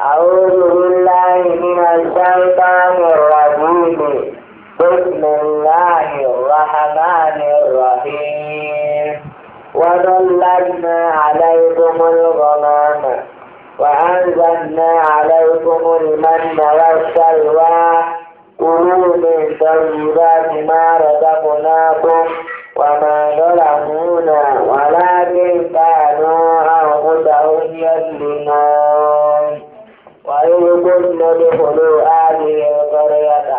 أعوذ بالله من الشيطان الرجيم بسم الله الرحمن الرحيم وظللنا عليكم الغمام وأنزلنا عليكم المن والسلوى كلوا من طيبات ما رزقناكم وما ظلمونا ولكن كانوا أنفسهم يظلمون قلنا ادخلوا هذه القرية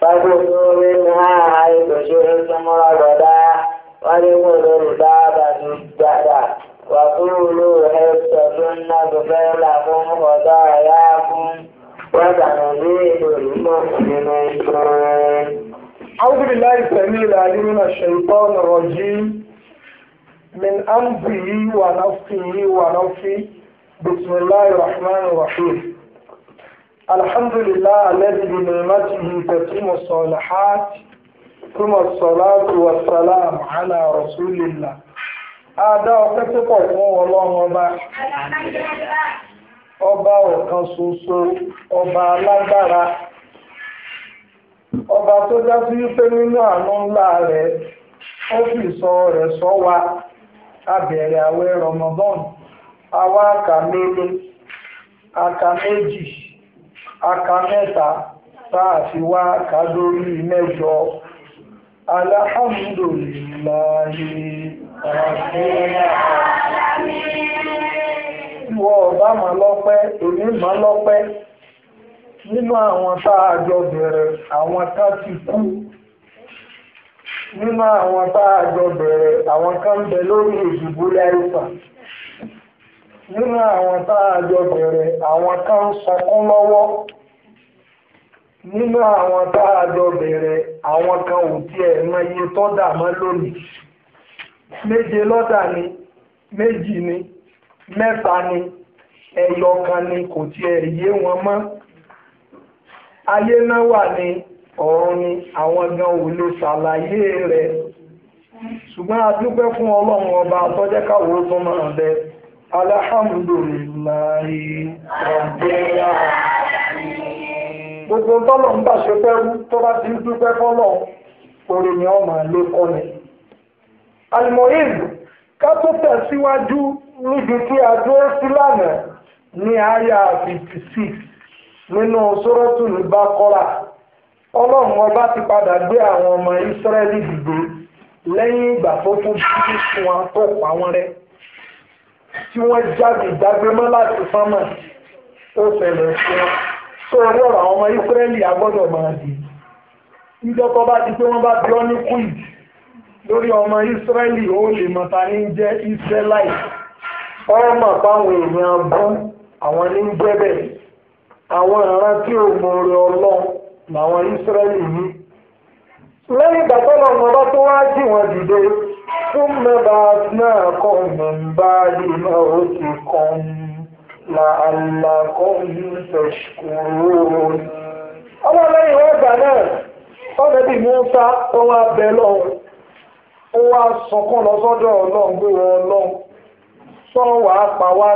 فكلوا منها حيث شئتم رغدا وادخلوا الباب سجدا وقولوا حصة نغفر لكم خطاياكم وسنزيد المحسنين أعوذ بالله السميع العليم من الشيطان الرجيم من أنفه ونفخه ونفخه بسم الله الرحمن الرحيم الحمد لله الذي بنعمته تتم الصالحات ثم الصلاة والسلام على رسول الله Adá ọpẹ́ tó pọ̀ fún ọlọ́run ọba. Ọba ọ̀kan ṣoṣo, ọba alágbára. Ọba tó já sí wípé nínú wa. A bẹ̀rẹ̀ àwẹ̀ awa aka àkà aka mẹ́ta tá a fi wá ká lórí mẹ́jọ aláhàmúdòlìláyé àfihàn ìwọ ọba máa lọ́pẹ́ òní máa lọ́pẹ́ nínú àwọn tá a jọ bẹ̀rẹ̀ àwọn ká ti kú nínú àwọn tá a jọ bẹ̀rẹ̀ àwọn ká ń bẹ lórí ìdìbò láìpẹ́. nínú àwọn tá bẹ̀rẹ̀ àwọn kan sọkún lọ́wọ́ nínú àwọn tá bẹ̀rẹ̀ àwọn kan ò tiẹ̀ mọ iye tó dà mọ́ lónìí méje lọ́dà ni méjì ni mẹ́ta ni ẹyọ kan ni kò yé wọn ọba tó máa alhamdulillahi gbogbo tọ́lọ̀ ń bá ṣe fẹ́ tó bá ti ń dúpẹ́ fọ́lọ̀ orí ni ọmọ ilé kọ́ ni ká tó tẹ̀síwájú níbi tí a dúró sí ọmọ dìde lẹ́yìn ìgbà tó tún bí wọn tí wọ́n jáde ìdágbémọ́ láti sánmà ó ṣẹlẹ̀ sí wọn tó orí ọ̀rọ̀ àwọn ọmọ Ísírẹ́lì agbọ́dọ̀ máa dì ìjọkọ bá ti pé wọ́n bá bí ọ ní quid lórí ọmọ Ísírẹ́lì ó lè mọ̀ta ní jẹ́ Ísírẹ́láì ọmọ àpáwọn èèyàn bọ́ àwọn ní jẹ́bẹ̀ àwọn ará tí ò mọ̀rẹ̀ ọlọ́run làwọn Ísírẹ́lì ní lẹ́yìn ìgbà tó lọ́mọ bá tó wá jì wọ́n dìde ثم بعثناكم من بعد موتكم لعلكم تشكرون ọlọ́lẹ́yìn wọ́n gbà náà ọ̀nẹ́bí Mùsá wọ́n wá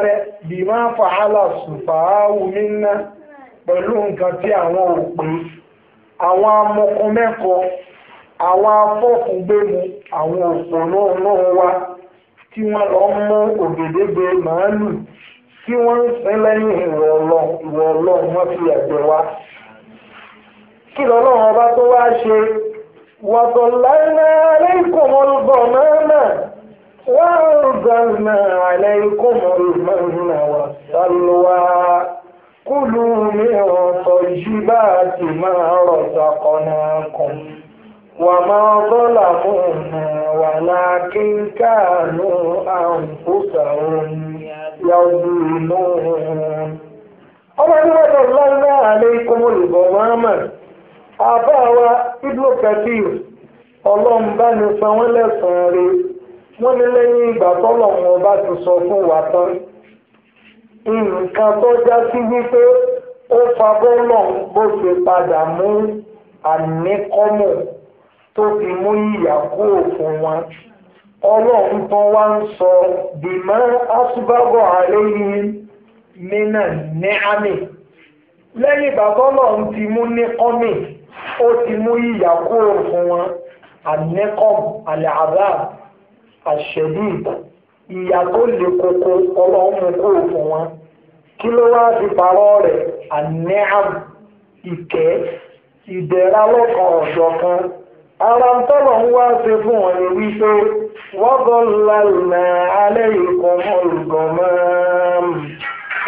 bẹ pẹ̀lú nǹkan tí àwọn òpin àwọn àwọn afọ́fúngbẹ́mu àwọn òṣòro náà wá tí wọ́n lọ mú ògèdègbè màálù tí wọ́n ń sin lẹ́yìn ìwọ̀ wọ́n fi ẹ̀gbẹ́ wa. kí lọ́lọ́run ọba tó wá ṣe wàtò lánà aláìkòmọ́lùbọ̀ mọ́nà wà rúgbàmà náà wà sálùwà kúlù mi ọ̀tọ̀ yìí bá ti máa rọ̀ sàkọ́nà kan. وما ظلمونا ولكن كانوا أنفسهم يظلمون ọlọ́run wọ́n lọ lọ́wọ́ àlékún olùbọ̀ muhammad àbáwa ibnu kathir ọlọ́mbánisan wọn lẹ́sàn-án rẹ̀ wọ́n ní lẹ́yìn ìgbà tọ́lọ́run ọba ti sọ fún wa tán nǹkan tó já sí wípé ó fa bọ́ọ̀lọ́ bó ṣe padà mú àníkọ́mọ̀ tó fi mú ìyà kúrò fún wọn ọlọ́run tó wá ń sọ bìmọ́ asúbábọ̀ àléyìn nínà ní àmì lẹ́yìn ìgbà tọ́lọ́run ti mú ní ọ́mì ó ti mú ìyà kúrò fún wọn àníkọ́m àlàáfà àṣẹ̀dí ìyà tó le koko ọlọ́run kúrò fún wọn kí ló wá fi parọ́ rẹ̀ àníhàm ìkẹ́ ìdẹ̀ra lọ́kàn ọ̀dọ̀ ara ń tọ́lọ̀ ń wá ṣe fún wọn ni wípé wọ́n gọ́ lálùmọ̀ alẹ́ ìkọmọ́ ìgbọ̀mọ́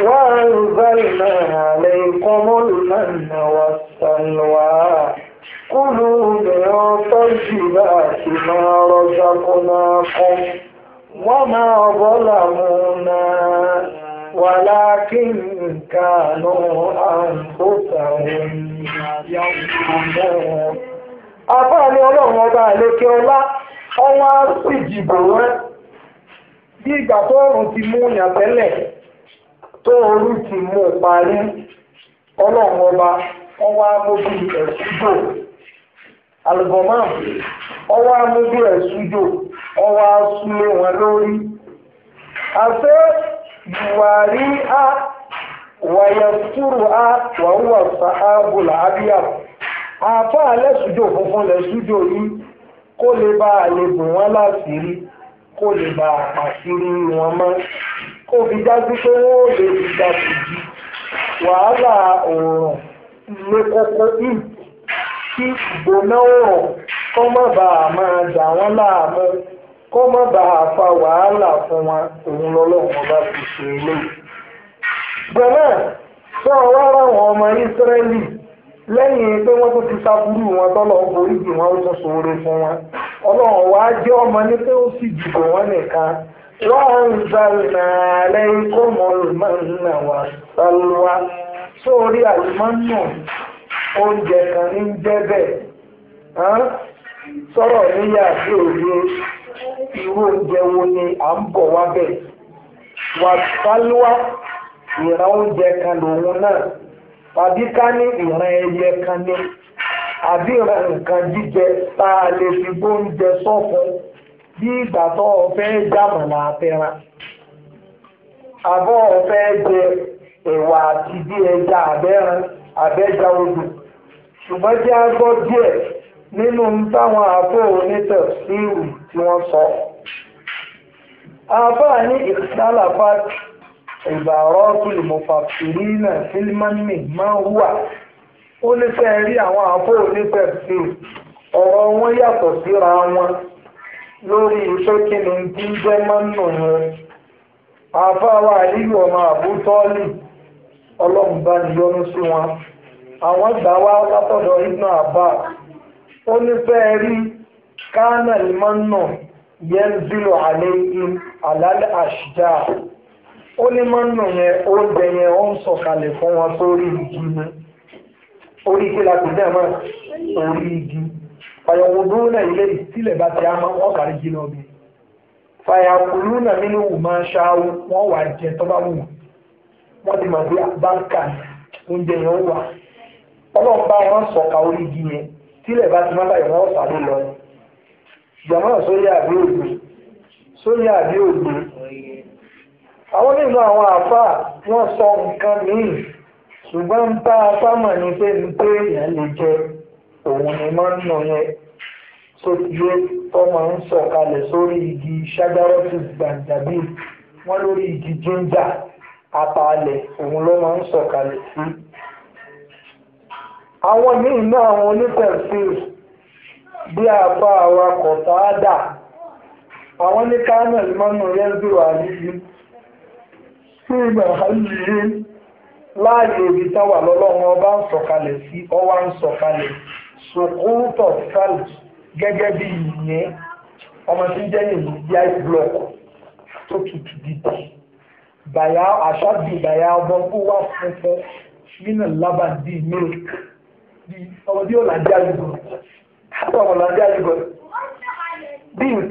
وأنزلنا عليكم المن والسلوى كلوا من طيبات ما رزقناكم وما ظلمونا ولكن كانوا أنفسهم يظلمون àbáàlẹ́ ọlọ́run ọba àlékè ọlá ọwọ́n á sì dìbò bí ìgbà tó ọrùn ti mú yàn tẹ́lẹ̀ tó orú ti mú parí ọlọ́run ọba ọwọ́ amóbi ẹ̀sùjò alùbọ̀mọ́ ẹ̀sùjò wọn lórí a wàyẹ̀fúrù a wàhùwà sàábùlà abíyàwó. àáfàá lẹ́sùjò funfun lẹ́sùjò yìí kó lè bá a lè bùn wọ́n láṣìírí kó lè bá a pàṣírí wọn mọ́ kó fi dájú pé wọ́n ò lè fi dájú jí wàhálà òòrùn ilé kókó yìí kí ìgbóná òòrùn kó má bàa máa dà wọ́n láàmú kó má bàa fa wàhálà fún wọn òun lọ́lọ́run bá fi ṣe eléyìí. gbọ̀nà sọ wá ráwọn ọmọ Ísírẹ́lì. lẹ́yìn pé wọ́n tó ti sábúrú wọn tọ́lọ̀ ń borí wọn ó tún ṣoore fún wọn ọlọ́run wá jẹ́ ọmọ ní pé ó sì jù wọn nìkan lọ́run wà sálúwà sórí àlùmọ́nù oúnjẹ kan ní jẹ́ bẹ́ẹ̀ sọ̀rọ̀ níyà oúnjẹ wo ni à wà sálúwà ìran oúnjẹ kan lòun tàbí ká ní ìran ẹyẹ kan ní àbí ìran nǹkan jíjẹ tá a lè fi gbóúnjẹ sọ́fun bí ìgbà tó o fẹ́ jàmọ̀lá àtẹran àbọ̀ o fẹ́ jẹ ẹ̀wà àti bí ẹja àbẹ́ran àbẹ́ja odò ṣùgbọ́n jẹ́ agbọ́ díẹ̀ nínú táwọn àbọ̀ onítọ̀ sí ìwì tí wọ́n sọ. àbá ní ìsálàfáàkì ìbàrọ́tù ìmọ̀fàfìrínà fílmánì máa ń wà ó ní fẹ́ rí àwọn àpò onífẹ́ sí ọ̀rọ̀ wọn yàtọ̀ síra wọn lórí iṣẹ́ kí ni tí ń jẹ́ mánù yẹn àfáwà àlíyù ọmọ àbútọ́ọ̀lì ọlọ́run bá ní yọ́nú sí wọn àwọn gbà wá látọ̀dọ̀ ibnu àbá ó ní fẹ́ rí kánà ìmánù yẹn zílò àlẹ́ àlálẹ́ àṣìjáà ó ní mọ́nà yẹn oúnjẹ yẹn ó ń sọ̀kalẹ̀ fún wọn sórí igi ni orí kí la kò dẹ́ mọ́ orí igi fàyàwó dúró náà ilé ìtílẹ̀ bá ti ámọ́ wọ́n kàrí jí lọ bí fàyàkùlù náà nínú wù máa ṣááwó wọ́n wà jẹ tó bá wù wọ́n ti mọ̀ pé báńkà oúnjẹ yẹn ó wà ọlọ́run bá wọn sọ̀ka orí igi yẹn tílẹ̀ bá ti má báyìí wọ́n sàlẹ̀ lọ jọmọ́ sórí àbí ògbé sórí àbí ògbé àwọn nínú àwọn àáfàá wọ́n sọ nǹkan míì ṣùgbọ́n ń bá afámọ̀ ní pé ní pé èèyàn lè jẹ òun ni máa ń nà yẹn tó yẹ ọmọ ń sọ̀kalẹ̀ sórí igi ṣágárọ́tì gbàǹdàbí wọ́n lórí igi jíńjà apalẹ̀ òun ló máa ń sọ̀kalẹ̀ sí. àwọn míì náà àwọn onítẹ̀síl bí apá awakọ̀ tá a dà àwọn ní kánà ìmọ̀nù rẹ́ńdù àníyí sí màálùú láàyè ibi táwà lọ́lọ́run ọba ń sọ̀kalẹ̀ sí ọwá ń sọ̀kalẹ̀ gẹ́gẹ́ bí ìyẹn ọmọ tí ń jẹ́ ìlú bíi block tó tutù bàyà bàyà funfun lábà milk ọmọ bí àlùbọ̀ àti ọmọ àlùbọ̀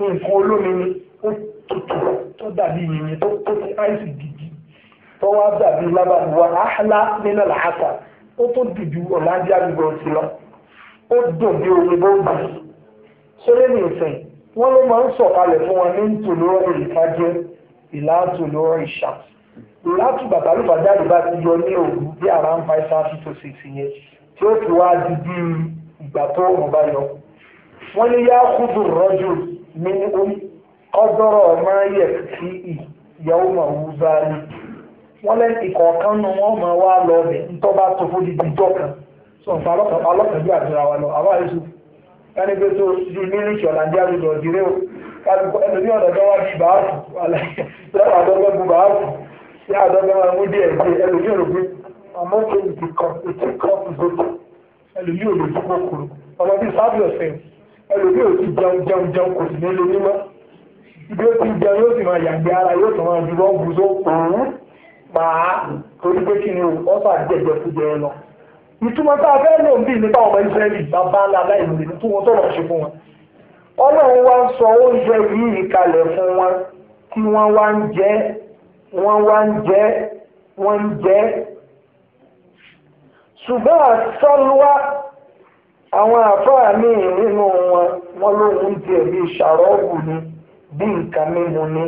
nǹkan tútù tó dàbí yìnyín tó tó ti áìsì gidi tó wá dàbí lábàbí wa áhàlá nínú làásà ó tó dùjú ọ̀làdíà gbogbo ti lọ ó dùn bí omi bó dùn sólé ní ìsìn wọ́n ló máa ń sọ̀kalẹ̀ fún wọn ní ntòlóró ìfàjẹ́ ìlà ntòlóró ìṣà láti bàtà lùfàjáde bá ti yọ ní òru bí ara ń fa ẹsẹ̀ àti tòsí ti yẹn tí ó ti wá di bí ìgbà tó òun bá yọ wọ́n ní yá kúndùn rọ́jò ní orí ọdọ́rọ̀ máa yẹ sí ìyàwó máa wú báyìí wọ́n lẹ́nu ìkọ̀ọ̀kan nu wọ́n máa wá lọ ní ntọ́ba tó fún dídí ìjọ kan sọ nǹkan alọ́kàn bí àdúrà wa lọ àwa èso ẹni pé tó di mílíkì ọ̀làǹdí àdúgbò ọ̀dìrẹ́ o kálukọ ẹni ní ọ̀dọ̀dọ̀ wá di bàáfù lẹ́wọ̀n àdọ́gbẹ́ bu bàáfù sí àdọ́gbẹ́ wọn mú díẹ̀ sí ẹlòmí òrògbé àmọ́ kò ìdí ibi ó ti jẹ yóò sì máa yàgbé ara yóò sì máa dúró gbùsó òun pàá torí pé kí ni o wọ́n fà jẹjẹ fún jẹ lọ. ìtumọ̀ tá a fẹ́ lò ń bì nípa ọmọ Ísírẹ́lì bàbá ńlá aláìlóore tí wọ́n tọ̀rọ̀ ṣe fún wọn. Ọlọ́run wá ń sọ oúnjẹ yìí kalẹ̀ fún wọn tí wọ́n wá ń jẹ wọ́n wá ń jẹ wọ́n ń jẹ. ṣùgbọ́n àtọ́lúwá àwọn àfáà míì nínú wọn wọ́n lóun ti ẹ̀mí ṣàrọ́ọ̀gù ni bí nǹkan mímu ni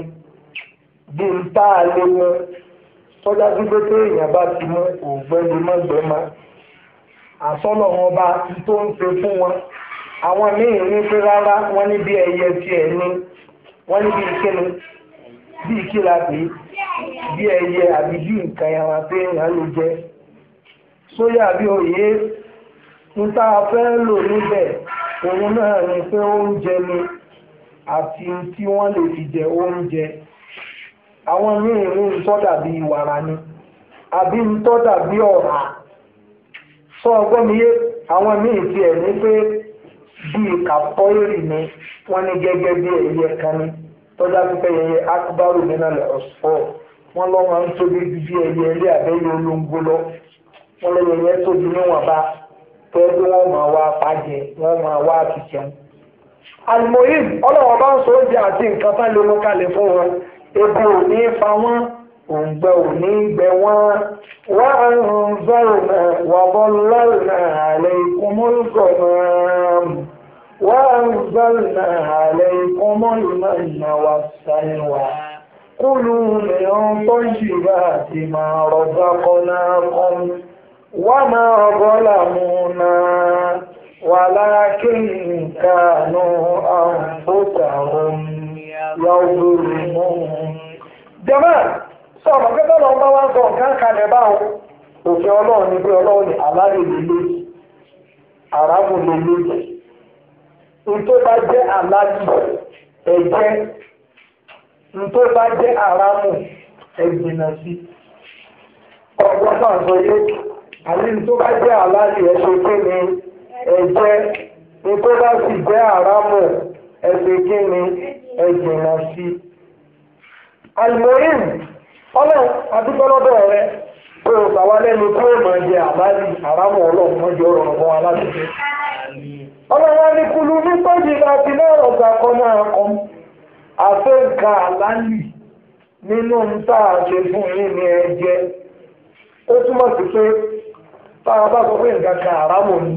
bí n tá a lé mú tọ́já sí pé téèyàn bá ti mú ògbẹ́ni mọ́gbẹ́má àsọ́nà wọn bá tó ń pe fún wọn àwọn míì ní pé rárá wọ́n ní bí ẹyẹ tiẹ̀ ní wọ́n ní bí kíni bí kí la pè bí ẹyẹ àbí bí nǹkan yàrá téèyàn ló jẹ sóyà bí òye ń tá a fẹ́ lò níbẹ̀ òun náà ní pé oúnjẹ ni àti tí wọ́n lè fi jẹ oúnjẹ àwọn mìíràn ń tọ́dà bí wàrà ni àbí ń tọ́dà bí ọ̀rà sọ ọgbọ́n àwọn míì tiẹ̀ ní pé bíi kàpọ́ìrì ni wọ́n ní gẹ́gẹ́ bí ẹ̀yẹ kan ní tọ́jà pípẹ́ ẹ̀yẹ akbaru nínú ọ̀sọ́ wọ́n lọ́ wọn ń tóbi ju bí ẹ̀yẹ ilé àbẹ́yẹ olóńgbò lọ wọ́n lọ́ọ́ yẹ tóbi níwọ̀nba pé wọ́n máa wá pàjẹ́ wọ́n máa wá àtìjẹun almohim ọlọ́wọ́ bá ń sọ oúnjẹ àti nǹkan tán ló mú kalẹ̀ fún wọn ebi ò ní fa wọn òǹgbẹ ò ní gbẹ wọn wá ń zọrùn náà wà lọ́rùn àlẹ́ ìkúmọ́lùkọ̀ náà wá ń tó yìí bá máa rọ̀gbà kọ́ náà kọ́ wá máa rọ́là mú náà. ولكن كانوا أنفسهم يظلمون جماعة sọ̀rọ̀ pé tọ́lọ̀ bá wá sọ nǹkan kalẹ̀ báwo òfin ọlọ́run ni pé ọlọ́run ni aláàrẹ̀ lélẹ́yìí àràbù lélẹ́yìí ntó bá jẹ́ aláàjì ẹ̀jẹ̀ ntó bá jẹ́ àràmù ẹ̀jìnà sí ọgbọ́n náà sọ yé àní ntó ẹ̀jẹ̀ ikú sì jẹ́ àrámù ẹ̀sìn kí ni ẹ̀jìnà sí alimoyin ọlọ́run adúgbọ́lọ́dọ̀ rẹ kó o gbà wá lẹ́nu kó o mọ̀ jẹ àbáyé àrámù alikulu ní láti náà ọ̀gá kọ́ àlálì nínú a fún yín ni.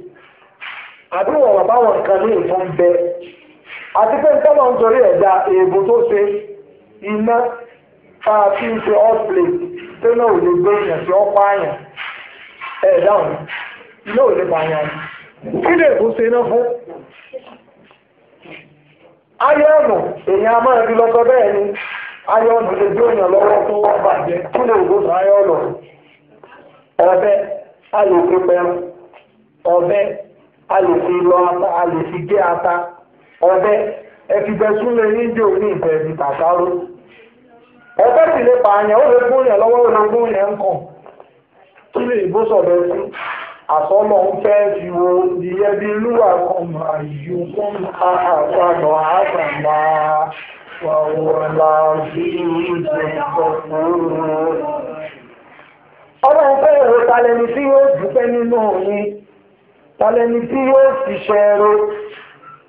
àbí wọn wà báwọn nǹkan ní ìfún bẹ àti pé ntọ́nà ń torí ẹ̀dá èèbù tó ṣe iná tá a fi ń ṣe ọ́pìlẹ̀ tó náà ò lè gbé èèyàn sí ọ́pá àyàn ẹ̀dá òun iná ò lè pa àyàn kí lè bó ṣe iná fún. ayọ́nù èèyàn a máa rí lọ́sọ bẹ́ẹ̀ ni ayọ́nù lè gbé èèyàn lọ́wọ́ tó wọ́n bàjẹ́ kí lè bó ṣe ayọ́nù ọ̀bẹ a lè pẹ́rù ọ̀bẹ a lè fi lọ ata a lè fi gé ata ọbẹ̀ ẹ̀fìgbẹ́súnlẹ̀ níjẹ́ òní ìbẹ̀ ẹ̀dì tàṣáró ọbẹ̀ sì lè pààyàn ó lè fún yàn lọ́wọ́ òun fún yàn kàn kí lè bó sọ̀bẹ̀ sí ń fi wo bí fún tàlẹ́ni tí yóò fi ṣẹ́ẹ̀rẹ́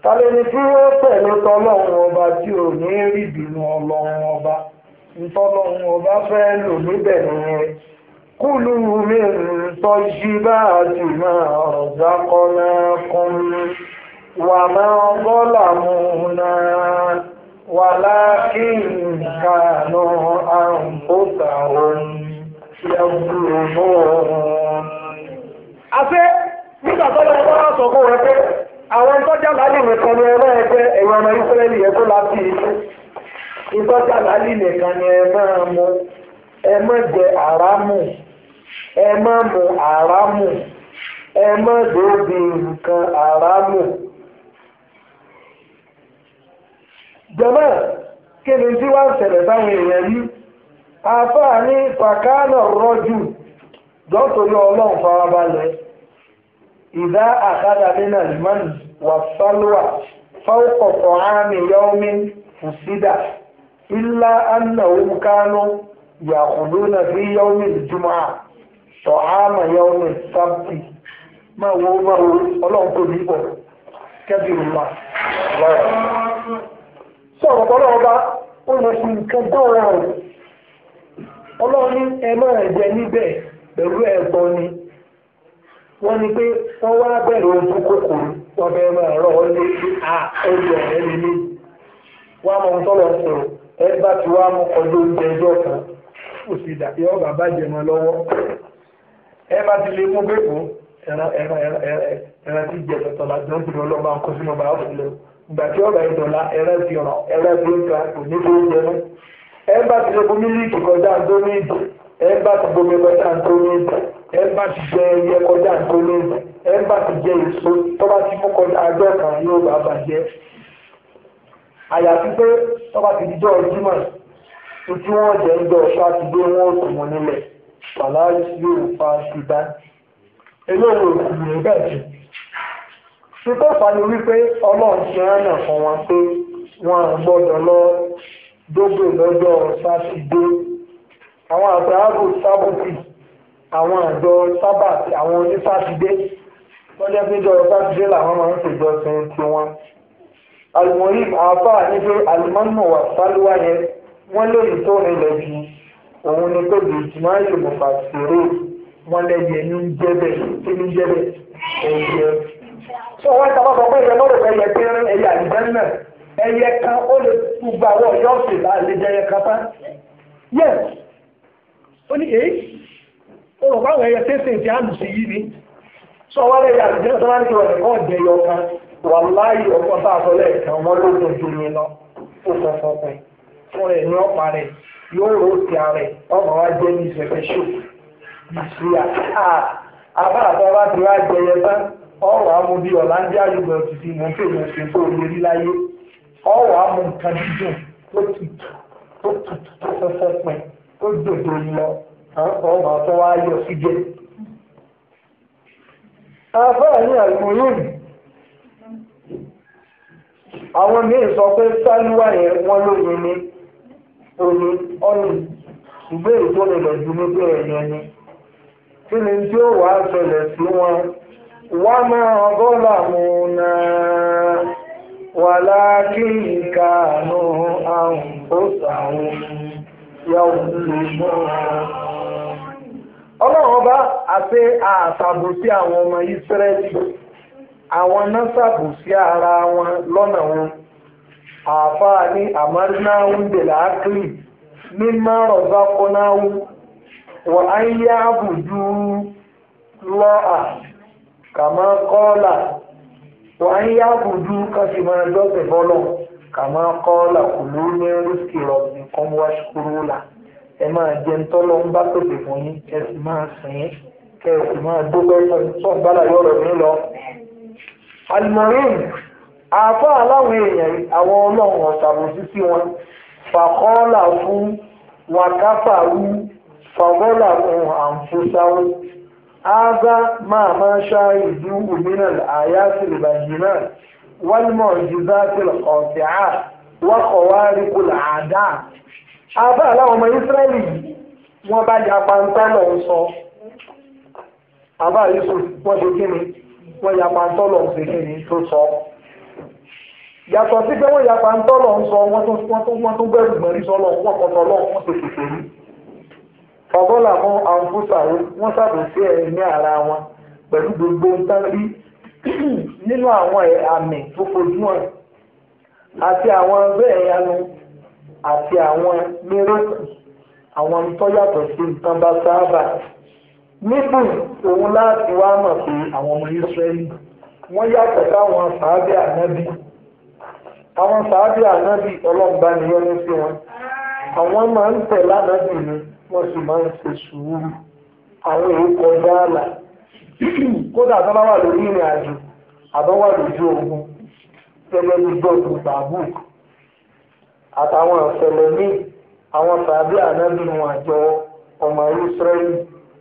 tàlẹ́ni tí yóò tẹ̀lé tọ́lọ́run ọba tí ò ní rí ìbínú ọlọ́run ọba ntọ́lọ́run ọba fẹ́ lò níbẹ̀ nìyẹn kúlù mi ntọ́ yí bá a ti máa ọ̀dà kọ́nà kún wà máa bọ́là mú náà wà láàkì nǹkanú àǹkóta òun yẹ kúrò náà nígbà tó lọ wá sọ fún wọn pé àwọn tọ́jà lálì nìkan ni ẹ̀rọ ẹgbẹ́ ẹ̀rọ ọmọ ìsírẹ́lì yẹn tó láti ìlú ìtọ́jà lálì nìkan ni ẹ máa mú ẹ má jẹ àrámù ẹ má mu àrámù ẹ má dòbí nǹkan àrámù. jọ̀mọ́ kí àfáà ní pàkánà rọ́jù dọ́tòrí ọlọ́run farabalẹ̀ ìdá àkádà nínà ìmọ̀nì wà sálúwà fáwọ́kọ̀kọ̀ àmì yọ́mí fùsídà ilá annáwó kánú yàkùnlónà bí yọ́mí ìjùmọ̀ sọ àmà yọ́mí sábì máa wo máa wo ọlọ́run kò ní bọ̀ kẹ́bìrì mà lọ́rọ̀ sọ̀rọ̀ tọ́lọ́wọ́ bá ó lè fi nǹkan dọ́ọ̀rọ̀ ọlọ́run ẹ máa jẹ níbẹ̀ pẹ̀lú ẹ̀gbọ́n ni. wọ́n ni pé wọ́n wá bẹ̀rẹ̀ ojú kòkòrò wọ́n bẹ̀rẹ̀ máa à oúnjẹ rẹ̀ lé ní. wọ́n mọ sọ̀rọ̀ ẹ bá ti wá mú kọjú oúnjẹ ẹjọ́ kan kò sì lọ kó sínú ìgbà tí ìdọ̀la ti ti ń ka kò ní ẹ bá ti lè kọjá ẹ bá ti bomi kọjá ẹ̀mbà ti jẹ ẹyẹ kọjá ìkólé ẹ̀mbà ti jẹ èso tọ́ba ti mú kọjá ajọ́ kan yóò bá bàjẹ́ àyàfi pé tọ́ba ti dijọ́ ìjímọ̀ tí wọ́n jẹ́ ń jọ sátidé wọn ò tún wọn nílẹ̀ pàláyé yóò fa ṣùdá eléyìí òkú rẹ̀ bẹ́ẹ̀ jù ṣùgbọ́n fani wípé ọlọ́run ti rán náà fún wọn pé wọn gbọ́dọ̀ lọ dógbè lọ́jọ́ sátidé àwọn àgbà ábò sábòtì àwọn àjọ sábà àwọn onísátidé wọ́n jẹ́ pé jọ sátidé làwọn máa ń ṣèjọ sin tiwọn. alimoyim afa ní pé alimọ́nù wà sálúwà yẹn wọ́n lòdì tó rinlẹ̀ bí òun ni pé bìtìmọ́ ìlùmọ̀fà ṣèré wọn lẹ́yìn ẹni ń jẹ́bẹ̀ kí ni jẹ́bẹ̀ ẹ̀yẹ. sọ wọn ta bá sọ pé ìyẹn lọ́dọ̀ ẹ̀yẹ pé ẹ̀yẹ àdìjẹ́ náà ẹ̀yẹ kan ó lè gbogbo àwọn ọ̀yọ́ ọ̀sẹ̀ láàlejò ẹ̀yẹ ó ní èyí olùkọ́ àwọn ẹyẹ tẹ́sẹ̀ tí a lù sí yìí ni sọ wọ́n lẹ́yìn àtijọ́ tó bá ní kí wọ́n lẹ́kọ́ jẹ yọ kan wà láàyè ọkọ̀ tá a sọ lẹ́ẹ̀kan wọ́n ló dùn dùn mí lọ ó sọ fún ọpẹ fún rẹ̀ ní ọ̀pá rẹ̀ yóò rò ó ti ààrẹ ọmọ wa jẹ́ ní ìṣẹ̀fẹ̀ ṣò ìṣúra àbá àtọ́wá ti wá jẹyẹ tán ọ̀rọ̀ amúbí ọ̀làǹdí àyùbọ̀ ti fi mú fèmí ṣe tó lórí láyé ọ̀rọ̀ amú nǹkan dídùn tó tutù tó tutù tó fẹ́fẹ́ pin tó dòdò lọ bụ tó wá yọ sí jẹ́ afẹ́ ní àgbòrún àwọn míì sọ pé sálúwà yẹn wọ́n lóyún ní omi ọ̀nà ìbéèrè tó lè lọ ju ni kí ni tí ó wà ṣẹlẹ̀ sí wọn wọ́n máa bọ́là mu náà wà láàkí ìkàánú àwọn òṣàwọn yàwó ọlọ́run ọba àti àṣàbò sí àwọn ọmọ ìsírẹ́lì àwọn náà sí ara wọn lọ́nà wọn àáfàá ní àmọ́rínáwó ń dèlà ákìlì ní márùn bá kọ́náwó wọ́n á ń yá àbùdú lọ́à kàmá kọ́ọ̀là wọ́n á ń yá àbùdú kásì máa dọ́sẹ̀ bọ́lọ̀ kàmá kọ́ọ̀là kò lórí ní rúkì nìkan wá là ẹ máa jẹ ń tọ́lọ́ ń bá pèsè fún yín ẹ sì máa sìn ín kẹ ẹ sì máa dúpẹ́ sọ́n bálà yọ̀rọ̀ mi lọ. alimorin àáfà aláwọn èèyàn àwọn ọlọ́run ọ̀sàbòsí sí wọn fàkọ́ọ́là fún wàkàfàrú fàwọ́là fún àǹfọ̀sáwọ́ ága máa máa ṣá ìdú òmìnira àyàtì ìbàjìnà wálmọ̀ ìjìzá tìlọ̀kọ̀ọ̀tì à wákọ̀wárí kùlà àdáà àbá aláwọn ọmọ Ísírẹ́lì wọ́n bá ya pàǹtá lọ ń sọ àbá yusuf wọ́n ṣe kí ni wọ́n ya pàǹtá lọ ń ṣe kí ni tó sọ yàtọ̀ sí pé wọ́n ya pàǹtá lọ ń sọ wọ́n tún wọ́n tún wọ́n tún gbẹ̀rù gbọ̀n rí sọ́lọ́ wọ́n kọ́ tọ́lọ́ wọ́n tó tètè rí ọgọ́là mọ́ àǹfùsà wọ́n ṣàbẹ̀sí ẹ̀ ní ara wọn pẹ̀lú gbogbo nǹkan rí nínú àwọn àmì tó fojú hàn àti àwọn bẹ́ẹ̀ yanu àti àwọn mírèkù àwọn tó yàtọ̀ sí nǹkan bá sáábà níbù òun láti wá mọ̀ pé àwọn ọmọ Ísírẹ́lì wọ́n yàtọ̀ sáwọn sàábì ànábì àwọn sàábì ànábì ọlọ́ọ̀bá ni wọ́n ní sí wọn àwọn máa ń tẹ̀ lánàbì ni wọ́n sì máa ń ṣe sùúrù àwọn èyí kọjá àlà kódà tó bá wà lórí ìrìn àjò àbọ̀wà lójú ogun gẹ́gẹ́ bí gbọ́dọ̀ tàbùkù àtàwọn ìṣẹ̀lẹ̀ ní àwọn sàábé ànábì wọn àjọ ọmọ Ísírẹ́lì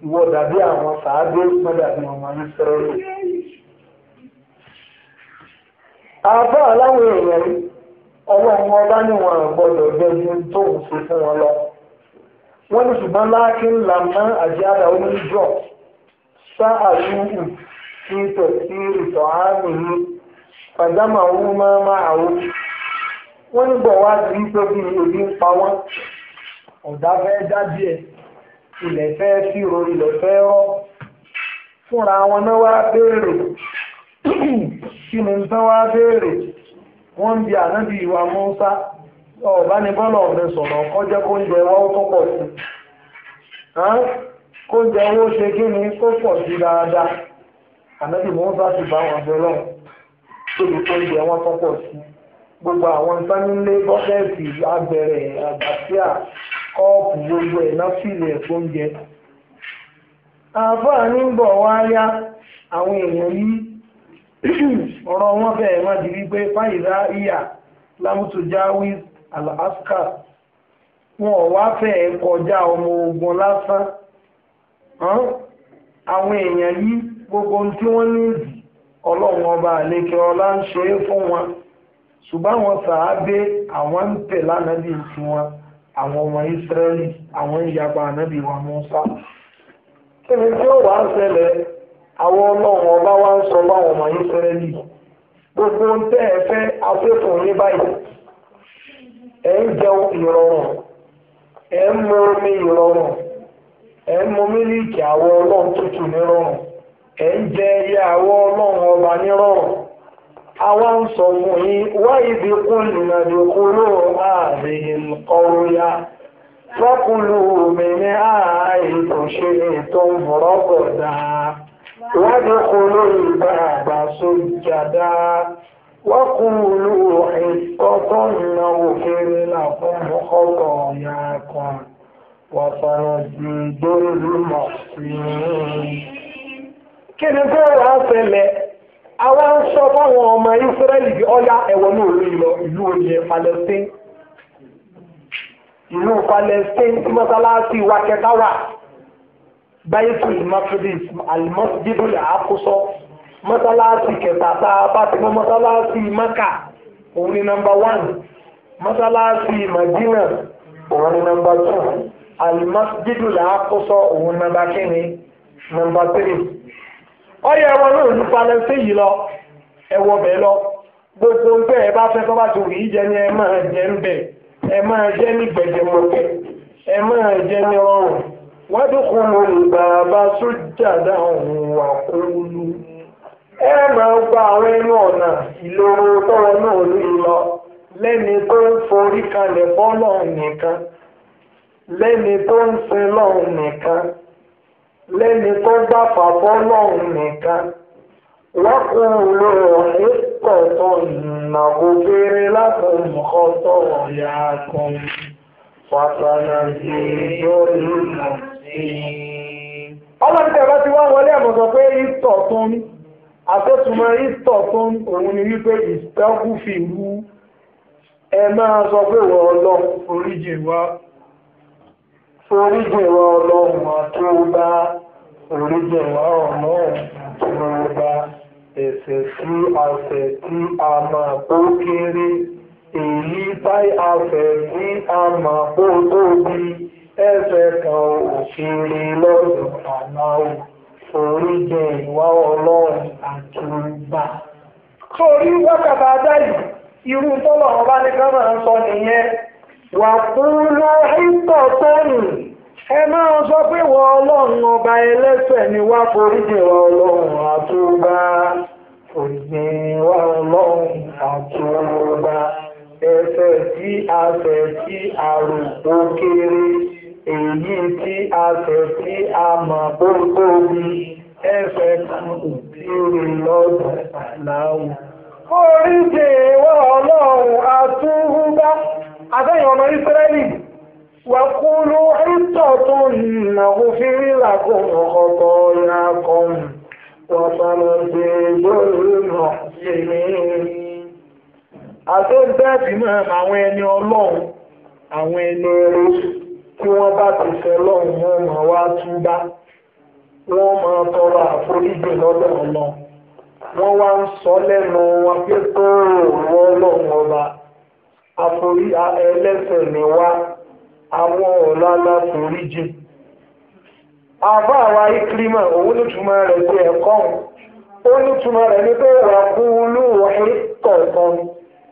ìwọ dàbí àwọn sàábé wọn dàbí ọmọ Ísírẹ́lì. àbá aláwọ̀ èèyàn yìí ọlọ́run ọba ní wọn àgbọ́dọ̀ gbẹ́jú tó ń ṣe fún wọn lọ. wọ́n ní ṣùgbọ́n láàkí ńlá mọ́ àjíára oníjọ́ sáà lúhùn sí tẹ̀sí ìtọ̀ ààrùn yìí pàjámà owó máa máa àwọn wọ́n ń bọ̀ wá sí pé bí ebi ń pa wọ́n ọ̀dà fẹ́ dá díẹ̀ ilẹ̀ fẹ́ fìrò ilẹ̀ fẹ́ rọ́ fúnra wọn náà wá béèrè kí ni tán wá béèrè wọ́n ń bi ànábì ìwà mọ́sá ọ̀bá ni bọ́lá ọ̀bẹ sọ̀rọ̀ kọjá kó ń jẹ wọ́n tó pọ̀ sí kó ń jẹ owó ṣe kí ni kó pọ̀ sí dáadáa ànábì mọ́sá ti bá wọn bẹ̀rẹ̀ lọ́wọ́ tó ń jẹ wọ́n tó pọ̀ sí gbogbo àwọn ìtánilé bọ́kẹ́ẹ̀tì abẹ̀rẹ̀ àgbàsíà kọ́ọ̀pù gbogbo ẹ̀ lọ́sílẹ̀ oúnjẹ. àáfàá ní bọ̀ wá yá àwọn èèyàn yìí ọ̀rọ̀ wọn fẹ́ẹ̀ má di wípé fáyìlá ìyà lámùtòjáwí alaska wọn ò wá fẹ́ẹ̀ kọjá ọmọ ogun lásán àwọn èèyàn yìí gbogbo ohun tí wọ́n ní ọlọ́run ọba àlekè ọlá ń ṣe é fún wọn. ṣùgbọ́n àwọn sàábé àwọn ń tẹ̀ lánàbí tí wọn àwọn ọmọ Ísírẹ́lì àwọn ìyapa ànábì wa Mùsá kíni tí ó wàá ṣẹlẹ̀ àwọn ọlọ́run ọba wa ń sọ báwọn ọmọ Ísírẹ́lì gbogbo ń tẹ́ ẹ fẹ́ afẹ́fọ́ ní báyìí ẹ ń jẹun ìrọ̀rùn ẹ ń omi ọba nírọ̀rùn. àwọn ń sọ fún yín wá ibi kún ìrìnàjò kúrò ààrin ọrùya fọ́kùnlù mi ní ààyètò ṣe ètò ìfọ̀rọ̀kọ̀dá wájú kúrò ìgbà àgbà sójàdá wọ́kùnlù ìkọ́tọ̀ ìnáwó kéré làkún ọkọ̀ ọ̀yà kan wàfàrà sí gbórí mọ̀ sí àwọn ń sọ báwọn ọmọ Ísírẹ́lì bí ọyá ẹ̀wọ̀n náà lórí lọ ìlú oyè Palestine ìlú Palestine tí mọ́sálásí wa kẹta wà Baitul Maqdis Al-Masjidul Aqsa mọ́sálásí kẹta tá a bá ti mọ́ mọ́sálásí Maka òun ni nọmba one mọ́sálásí Madina òun ni number two Almost masjidul Aqsa òun nọmba kínní number three. ọyọ ẹwọn náà lù palẹ séyìí lọ ẹwọ bẹẹ lọ gbogbo nǹkan ẹ bá fẹ́ tó bá jẹ ni ẹ máa jẹ ń bẹ ẹ máa jẹ ní gbẹdẹmọkẹ ẹ máa jẹ ní ọrùn wọ́n bá sójà dáhùn wà tó ń forí kalẹ̀ lẹ́ni tó gbà fàbọ́ lọ́hùn nìkan wákùnrin ọ̀hún kọ̀tọ̀ ìnáwó kéré látọ̀hún kọ́tọ̀ ọ̀yà kan pàtàkì sí lórí mọ̀ sí i. ọlọ́run ti wá wọlé àmọ̀ sọ pé ìtọ̀ tún àtọ́túnmọ̀ ìtọ̀ tún òun ni wípé ìtọ́kùfì wú ẹ máa sọ pé wọ́n lọ oríjì wá oríjìnwá ọlọ́run tó bá oríjìnwá ọlọ́run tó bá ẹ̀ṣẹ̀ tí a fẹ̀ tí a máa kó kéré èyí táì a fẹ̀ tí a máa kó tóbi ẹ̀ṣẹ̀ kan òṣèré lọ́dọ̀ àláwọ̀ oríjìnwá ọlọ́run tó bá. sórí wákàtà adáyì irú tọ́lọ̀ ọba nìkan máa ń sọ nìyẹn wà fún lọ́hìn tọ̀ tọ́nù ẹ máa sọ pé wọ ọlọ́run ọba ẹlẹ́ṣẹ̀ ni wá foríjì wọ ọlọ́run àtúbà foríjì wọ ọlọ́run àtúbà ẹ̀ṣẹ̀ tí a ṣẹ̀ tí a rò ó kéré èyí tí a ṣẹ̀ tí a mọ̀ bó tóbi ẹ̀ṣẹ̀ kan ò tí ó rí lọ́dọ̀ láwù. foríjì wọ ọlọ́run àtúbà àtẹ̀yìn ọmọ Ísírẹ́lì. وقولوا حطة نغفر لكم خطاياكم وسنزيد المحسنين Àtọ́ntẹ́ẹ̀tì máa àwọn ẹni ọlọ́run, àwọn ẹni ẹrú tí wọ́n bá ti fẹ́ lọ́run wọ́n máa wá túbá, wọ́n máa tọrọ àforíjì lọ́dọ̀ ọ̀nà. Wọ́n wá ń sọ lẹ́nu wọn pé tó rọ̀ ọlọ́run ọba, àforí ẹlẹ́ṣẹ̀ ni wá àwọn ọ̀la la forí jìn àbá àwa ìkírímà òun ní túmọ̀ rẹ̀ sí ẹ̀kọ́ ó ní túmọ̀ rẹ̀ ní pé wà kú lúwọ̀n kọ̀ọ̀kan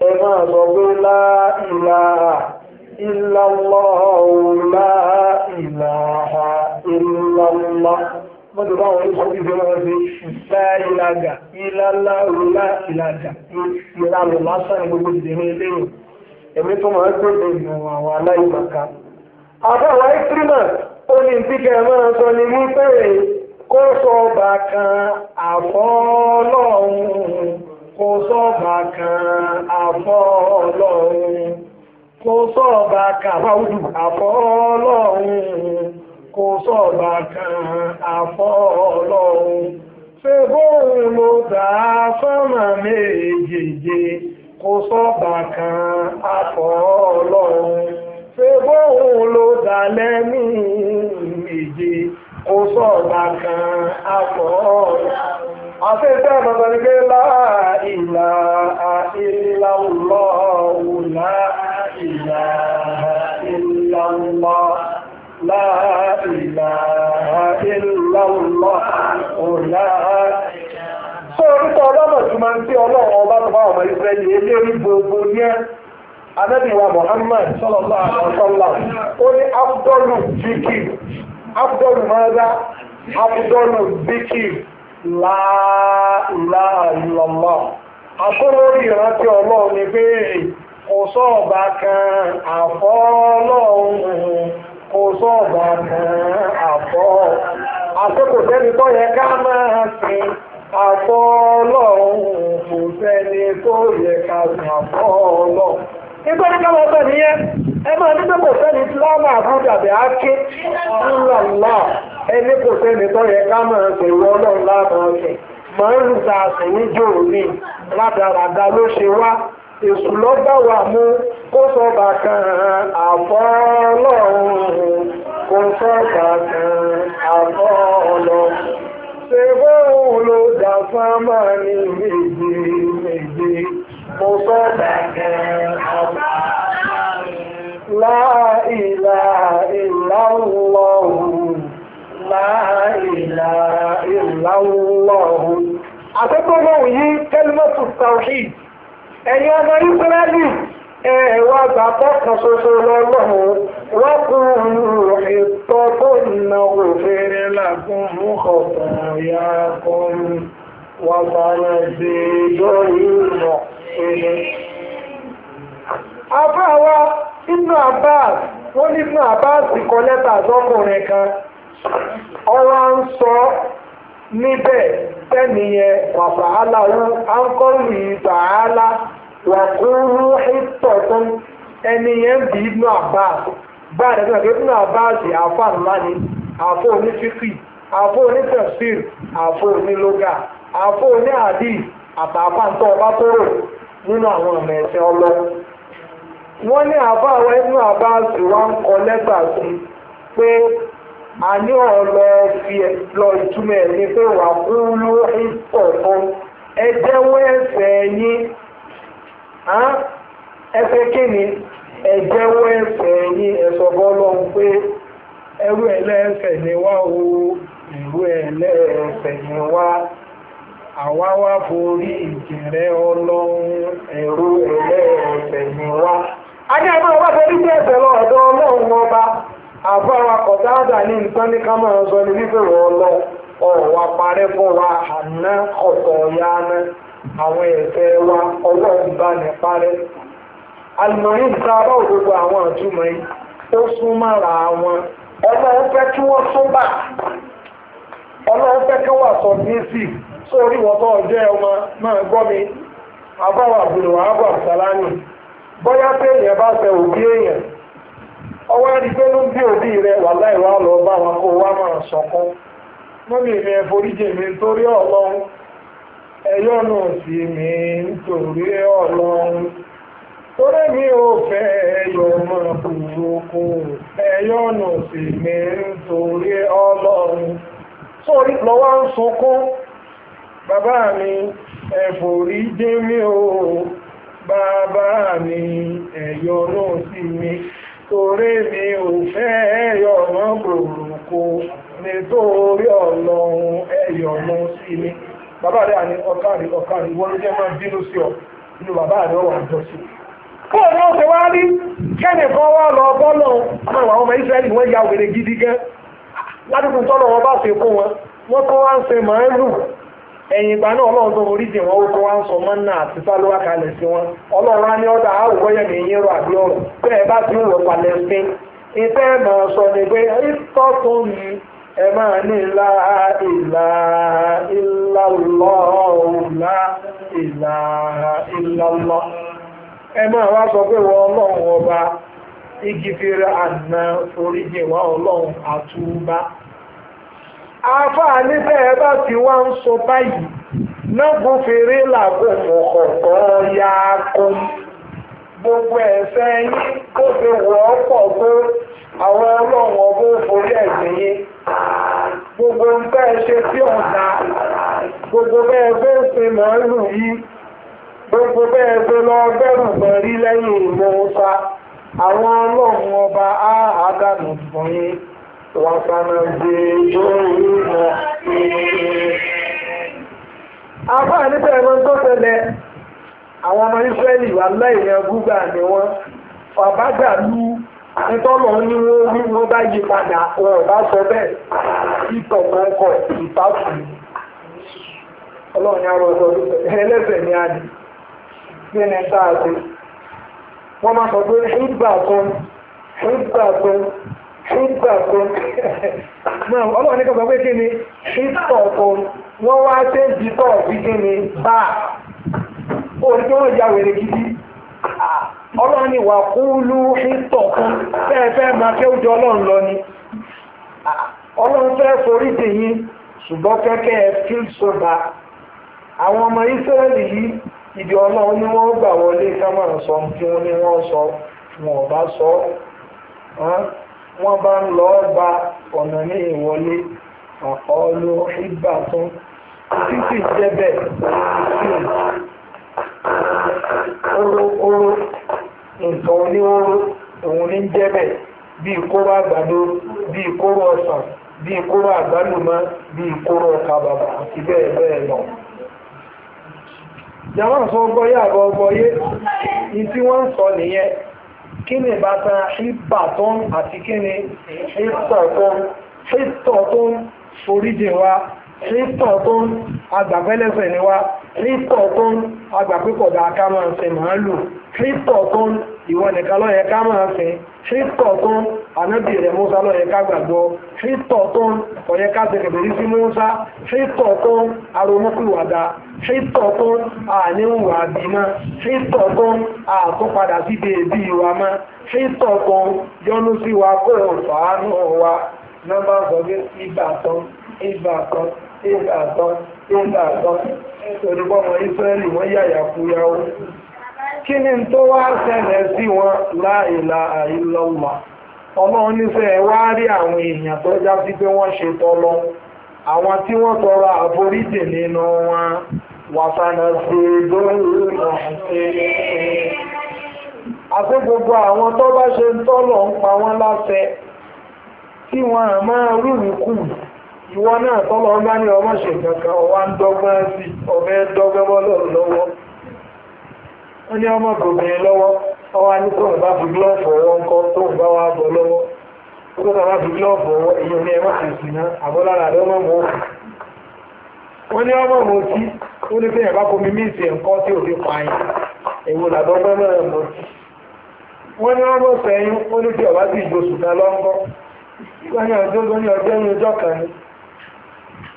ẹ máa sọ pé láìláà ìlàlọ́ọ̀ láìláà ìlàlọ́ mọ́tò báwọn olóṣèlú ìfẹ́ wọn ṣe láìlága ẹ̀mí tó máa ń gbé ènìyàn àwọn aláìmọ̀ká àbáwá ìtírínà ó ní ìdíkẹ́ máa sọ ni wípé kó sọ bàkan àfọ́ọ́lọ́run kó sọ bàkan àfọ́ọ́lọ́run kó sọ bàkan àfọ́ọ́lọ́run kó sọ bàkan àfọ́ọ́lọ́run ṣe méjèèjì kó sọ bàkan àfọ́ọ́lọ́run ṣe bóun ló dà lẹ́nu ìje kò sọ̀gbà kan àpọ̀ àti ìtẹ́ àtàtà ní pé láìlà ìlàlọ́ òlà ìlà ìlàlọ́ láìlà ìlàlọ́ òlà ọlọ́mọ̀ tí máa ń tí ọlọ́run ọba tó bá ọmọ ìfẹ́ ní eléré gbogbo ní ẹ́ anábìwa Muhammad sallallahu alaihi ó ní afdọ́lù zikì afdọ́lù mọ́ra la ilaha akọ́lórí ìrántí ọlọ́run ni kò kan àfọ́ ọlọ́run kò kan àfọ́ sẹ́ni tó yẹ ká máa sin àfọ́ ọlọ́run kò sẹ́ni Igbó ní káwọn ọ̀fẹ́ nìyẹn, ẹ máa ní pẹ́pọ̀ sẹ́ni Islam àbúdà bẹ̀ á ké ńlọ̀lá ẹni kò sẹ́ni tó yẹ ká máa ṣe wọ́n náà láàmú ọ̀sẹ̀. Màá ń ta àṣẹyìn jò ní ládàradà ló ṣe Èṣù lọ bá wà mú kó sọ bàkan àfọ́ ọlọ́run kó sọ bàkan àfọ́ ọlọ́run. Ṣé bóun ló dà fámà ní méjì méjì? gbólóhùn yìí kẹ́límọ́tù tawhid ẹ̀yin ọmọ Ísírẹ́lì ẹ̀wà gbàgbọ́ kan ṣoṣo lọ́lọ́run wọ́kùnrin ìtọ́ tó nà òfin lágún mú ọ̀tàn ìyá kan wọ́n bá rẹ̀ sí ìjọ yìí lọ afáwa inú Abbas wọ́n ní inú Abbas kọ lẹ́tà kan ọwọ́ ń sọ níbẹ̀ tẹ́niyẹn wàfàhálà wọn áńkọ́lù ìtàhálà wàkúrú ìtọ̀tún ẹniyẹn bí ibnu abbas báyìí lẹ́gbẹ̀ẹ́ náà ibnu abbas àfà afọ ni afọ onífíkì àfọ onítẹ̀sír onílógà àtàfà ń tọ́ ọba tó rò nínú àwọn ọmọ ọlọ́ wọ́n ní àwọn kọ a ní ọ̀lọ́ fi lọ ìtumọ̀ ẹ̀ ní pé wà fún lórí ọ̀fọ́n ẹ jẹ́wọ́ ẹ̀ṣẹ̀ yín ẹ̀ṣẹ̀ kí ni ẹ jẹ́wọ́ ẹ̀ṣẹ̀ yín ẹ̀sọ̀ bọ́lọ́ pé ẹrú ẹlẹ́ẹ̀ṣẹ̀ ni wá o ìlú ẹlẹ́ẹ̀ṣẹ̀ ni wá àwa wá borí ìjìnrẹ́ ọlọ́run ẹ̀rú ẹlẹ́ẹ̀ṣẹ̀ ni wá. a ní ẹgbẹ́ ọba tó ní bí ẹ̀ṣẹ̀ lọ ọ̀dọ̀ ọlọ́run ọba àfáwà kọ̀dáàdà ní nǹkan ní ká máa sọ ní ọlọ ọ̀rọ̀ wa parẹ́ fún wa ya àwọn ẹ̀fẹ́ wa ọwọ́ ìbánẹ̀ parẹ́ alùmọ̀rí ìta bá òdodo àwọn àtúmọ̀ yìí ó sún mára wọn fẹ́ kí wọ́n sún bà fẹ́ sọ sórí ọjọ́ wọn máa gbọ́ mi àbùsàlámì bóyá bá fẹ́ òbí èèyàn ọwọ́ rí pé ló ń rẹ wà láìwá lọ bá wọn kó máa sọkún mọ́mí mi ẹ foríjì mi torí ọlọ́run mi nítorí ọlọ́run torí mi ò fẹ́ ẹyọ mọ́ burúkú ẹ̀yọ́nù nítorí mi mi mi torí mi ò fẹ́ ẹ̀yọ̀ ọmọ ní nítorí ọlọ́run ẹ̀yọ̀ ọmọ sí mi bàbá rẹ̀ àní ọkàrí ọkàrí wọ́n máa bínú sí ọ nínú bàbá rẹ̀ wà jọ́sí. kó o náà ṣe wá rí wá lọ bọ́lọ̀ ọmọ wọ́n ya wèrè gidi gan ládùúgbò tọ́lọ̀ wọn bá ṣe kó wọn wọ́n kọ́ wá ẹ̀yìn ìgbà náà ọlọ́run tó orí jìn wọn ó kọ́ wá ń sọ mọ́nà àti sálúwà kalẹ̀ sí wọn ọlọ́run á ní ọ̀dà àwòkọ́ yẹn nìyí rọ àbí ọ̀rọ̀ bẹ́ẹ̀ bá ti ń wọ palẹ̀sìn ìfẹ́ sọ ni pé ẹ máa ní ìlà ìlà ìlà ìlà ìlà sọ pé wọ́n ọlọ́run ọba igi fèrè àná orí àáfàá níbẹ̀ ẹ bá ti wá ń sọ báyìí náàbù fèrè làbò mọ̀kọ̀kọ́ ya kún gbogbo ẹ̀ṣẹ̀ yín tó fi wọ́ pọ̀ tó àwọn ọlọ́run ọgbọ́n forí ẹ̀sìn yín gbogbo nǹkan ẹ ṣe tí ò da gbogbo bẹ́ẹ̀ fẹ́ sin màálù yìí gbogbo bẹ́ẹ̀ fẹ́ lọ bẹ́rù bẹ̀rí lẹ́yìn ìmọ̀ àwọn ọlọ́run ọba á àdánù fún yín. Àfáà nípa ẹ̀mọ́ tó tẹ̀lẹ̀ àwọn ọmọ Ísírẹ́lì wà láìyàn gúgbà ni wọ́n. Fàbágbà lú nítọ́lọ̀ ní wọ́n wọ́n bá yí padà wọn bá sọ bẹ́ẹ̀. Ìtọ̀ kọ̀ọ̀kọ̀ ìtàkù. Ọlọ́run arọ tá ṣíńtọ̀ tó náà ọlọ́run ní kọ́sọ̀ pé kí ni ṣíńtọ̀ wọ́n wá ṣe ń jítọ̀ sí kí ni bá gidi ni wà kúlú fẹ́ẹ̀fẹ́ máa ni ọlọ́run fẹ́ forí ṣùgbọ́n kẹ́kẹ́ ẹ ọmọ yìí ìdí ni wọ́n gbà wọlé sọ ni sọ wọn wọ́n bá ń lọ gba ọ̀nà ní ìwọlé àkọọ́lù ìgbà tún títí jẹ́ bẹ́ẹ̀ oró oró nǹkan oníhóró òun ní jẹ́ bẹ́ẹ̀ bíi kóró àgbàdo bíi kóró ọsàn bíi kóró àgbálùmọ́ bíi kóró ọkà bàbà àti bẹ́ẹ̀ bẹ́ẹ̀ lọ jàmáà sọ gbọ́yé àbọ̀ gbọ́yé ní tí wọ́n sọ nìyẹn kí ni ìbátan ṣíbàtán àti kí ni ṣíbàtán ṣíbàtán foríjì wa ṣíbàtán agbàgbẹ́lẹ́sẹ̀ ni wa ṣíbàtán agbàpípọ̀dà akámọ̀ ṣe màálù ṣíbàtán ìwọ nìkan lọ́yẹ ká máa fẹ́ ṣíìtọ̀ tún ànábì rẹ̀ Mùsá lọ́yẹ ká gbàgbọ́ ṣíìtọ̀ tún ọ̀yẹ ká tẹ̀kẹ̀tẹ̀ sí Mùsá ṣíìtọ̀ tún aromọ́kùlùwàdà ṣíìtọ̀ tún àníwà bímá ṣíìtọ̀ tún àtúnpadà síbi èbí wa má ṣíìtọ̀ tún yọ́nú sí wa kó fàánù wa nọ́mbà gbọ́gbé ìbátan ìbátan ìbátan ìbátan ìtòdúgbọ́mọ wọ́n yàyà kúyàwó kí ni tó wá ṣẹlẹ̀ sí wọn láìla àìlọ́wà ọlọ́run nífẹ̀ẹ́ wá rí àwọn èèyàn tó já sí pé wọ́n ṣe tọ́lọ àwọn tí wọ́n tọrọ àforíjì nínú wọn wàsánà sí lórí ọ̀hún àti gbogbo àwọn tó bá ṣe tọ́lọ̀ ń pa wọ́n ìwọ náà tọ́lọ̀ ń bá ní ọmọ ṣèkankan ọwá ń dọ́gbọ́n sí ọbẹ̀ dọ́gbọ́n lọ́wọ́ ó ní ọmọ obìnrin lọ́wọ́ ọwọ́ ní tóun bá fi gílọ́ọ̀fù ọwọ́ ńkọ́ tóun bá wà bọ́ lọ́wọ́ tó bá fi gílọ́ọ̀fù ọwọ́ èyí ní ẹmọ́ àbọ́lára ọmọ ọmọ tí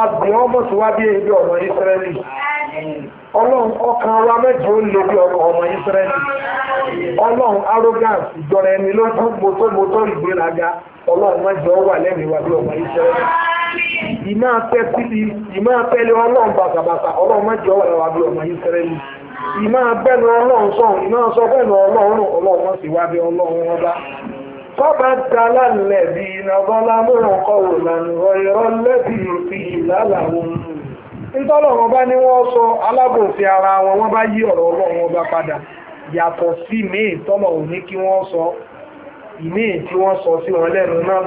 àgbẹ̀ ọmọ tó wá bí ebi ọmọ ìsírẹ́lì ọlọ́run ọkàn wa mẹ́jọ lè bí ọmọ ìsírẹ́lì ọlọ́run arrogance ìjọra ẹni lójú mọ́tòmọ́tò ìgbéraga ọlọ́run mẹ́jọ wà lẹ́mìí wa bí ọmọ ìsírẹ́lì ìmọ̀ apẹ́ ọlọ́run bàtàbàtà ọlọ́run mẹ́jọ wà lẹ́wà bí ọmọ israeli ọlọ́run sọ bẹ́nu ọlọ́run ọlọ́run sì wá bí ọlọ́run ọba فبدل الذين ظلموا قولا غير الذي قيل لهم ntọ́lọ́run bá ní wọ́n sọ alábòsí ara wọn bá yí ọ̀rọ̀ yàtọ̀ sí ní kí wọ́n sọ ìmíì tí wọ́n sọ sí wọn lẹ́nu náà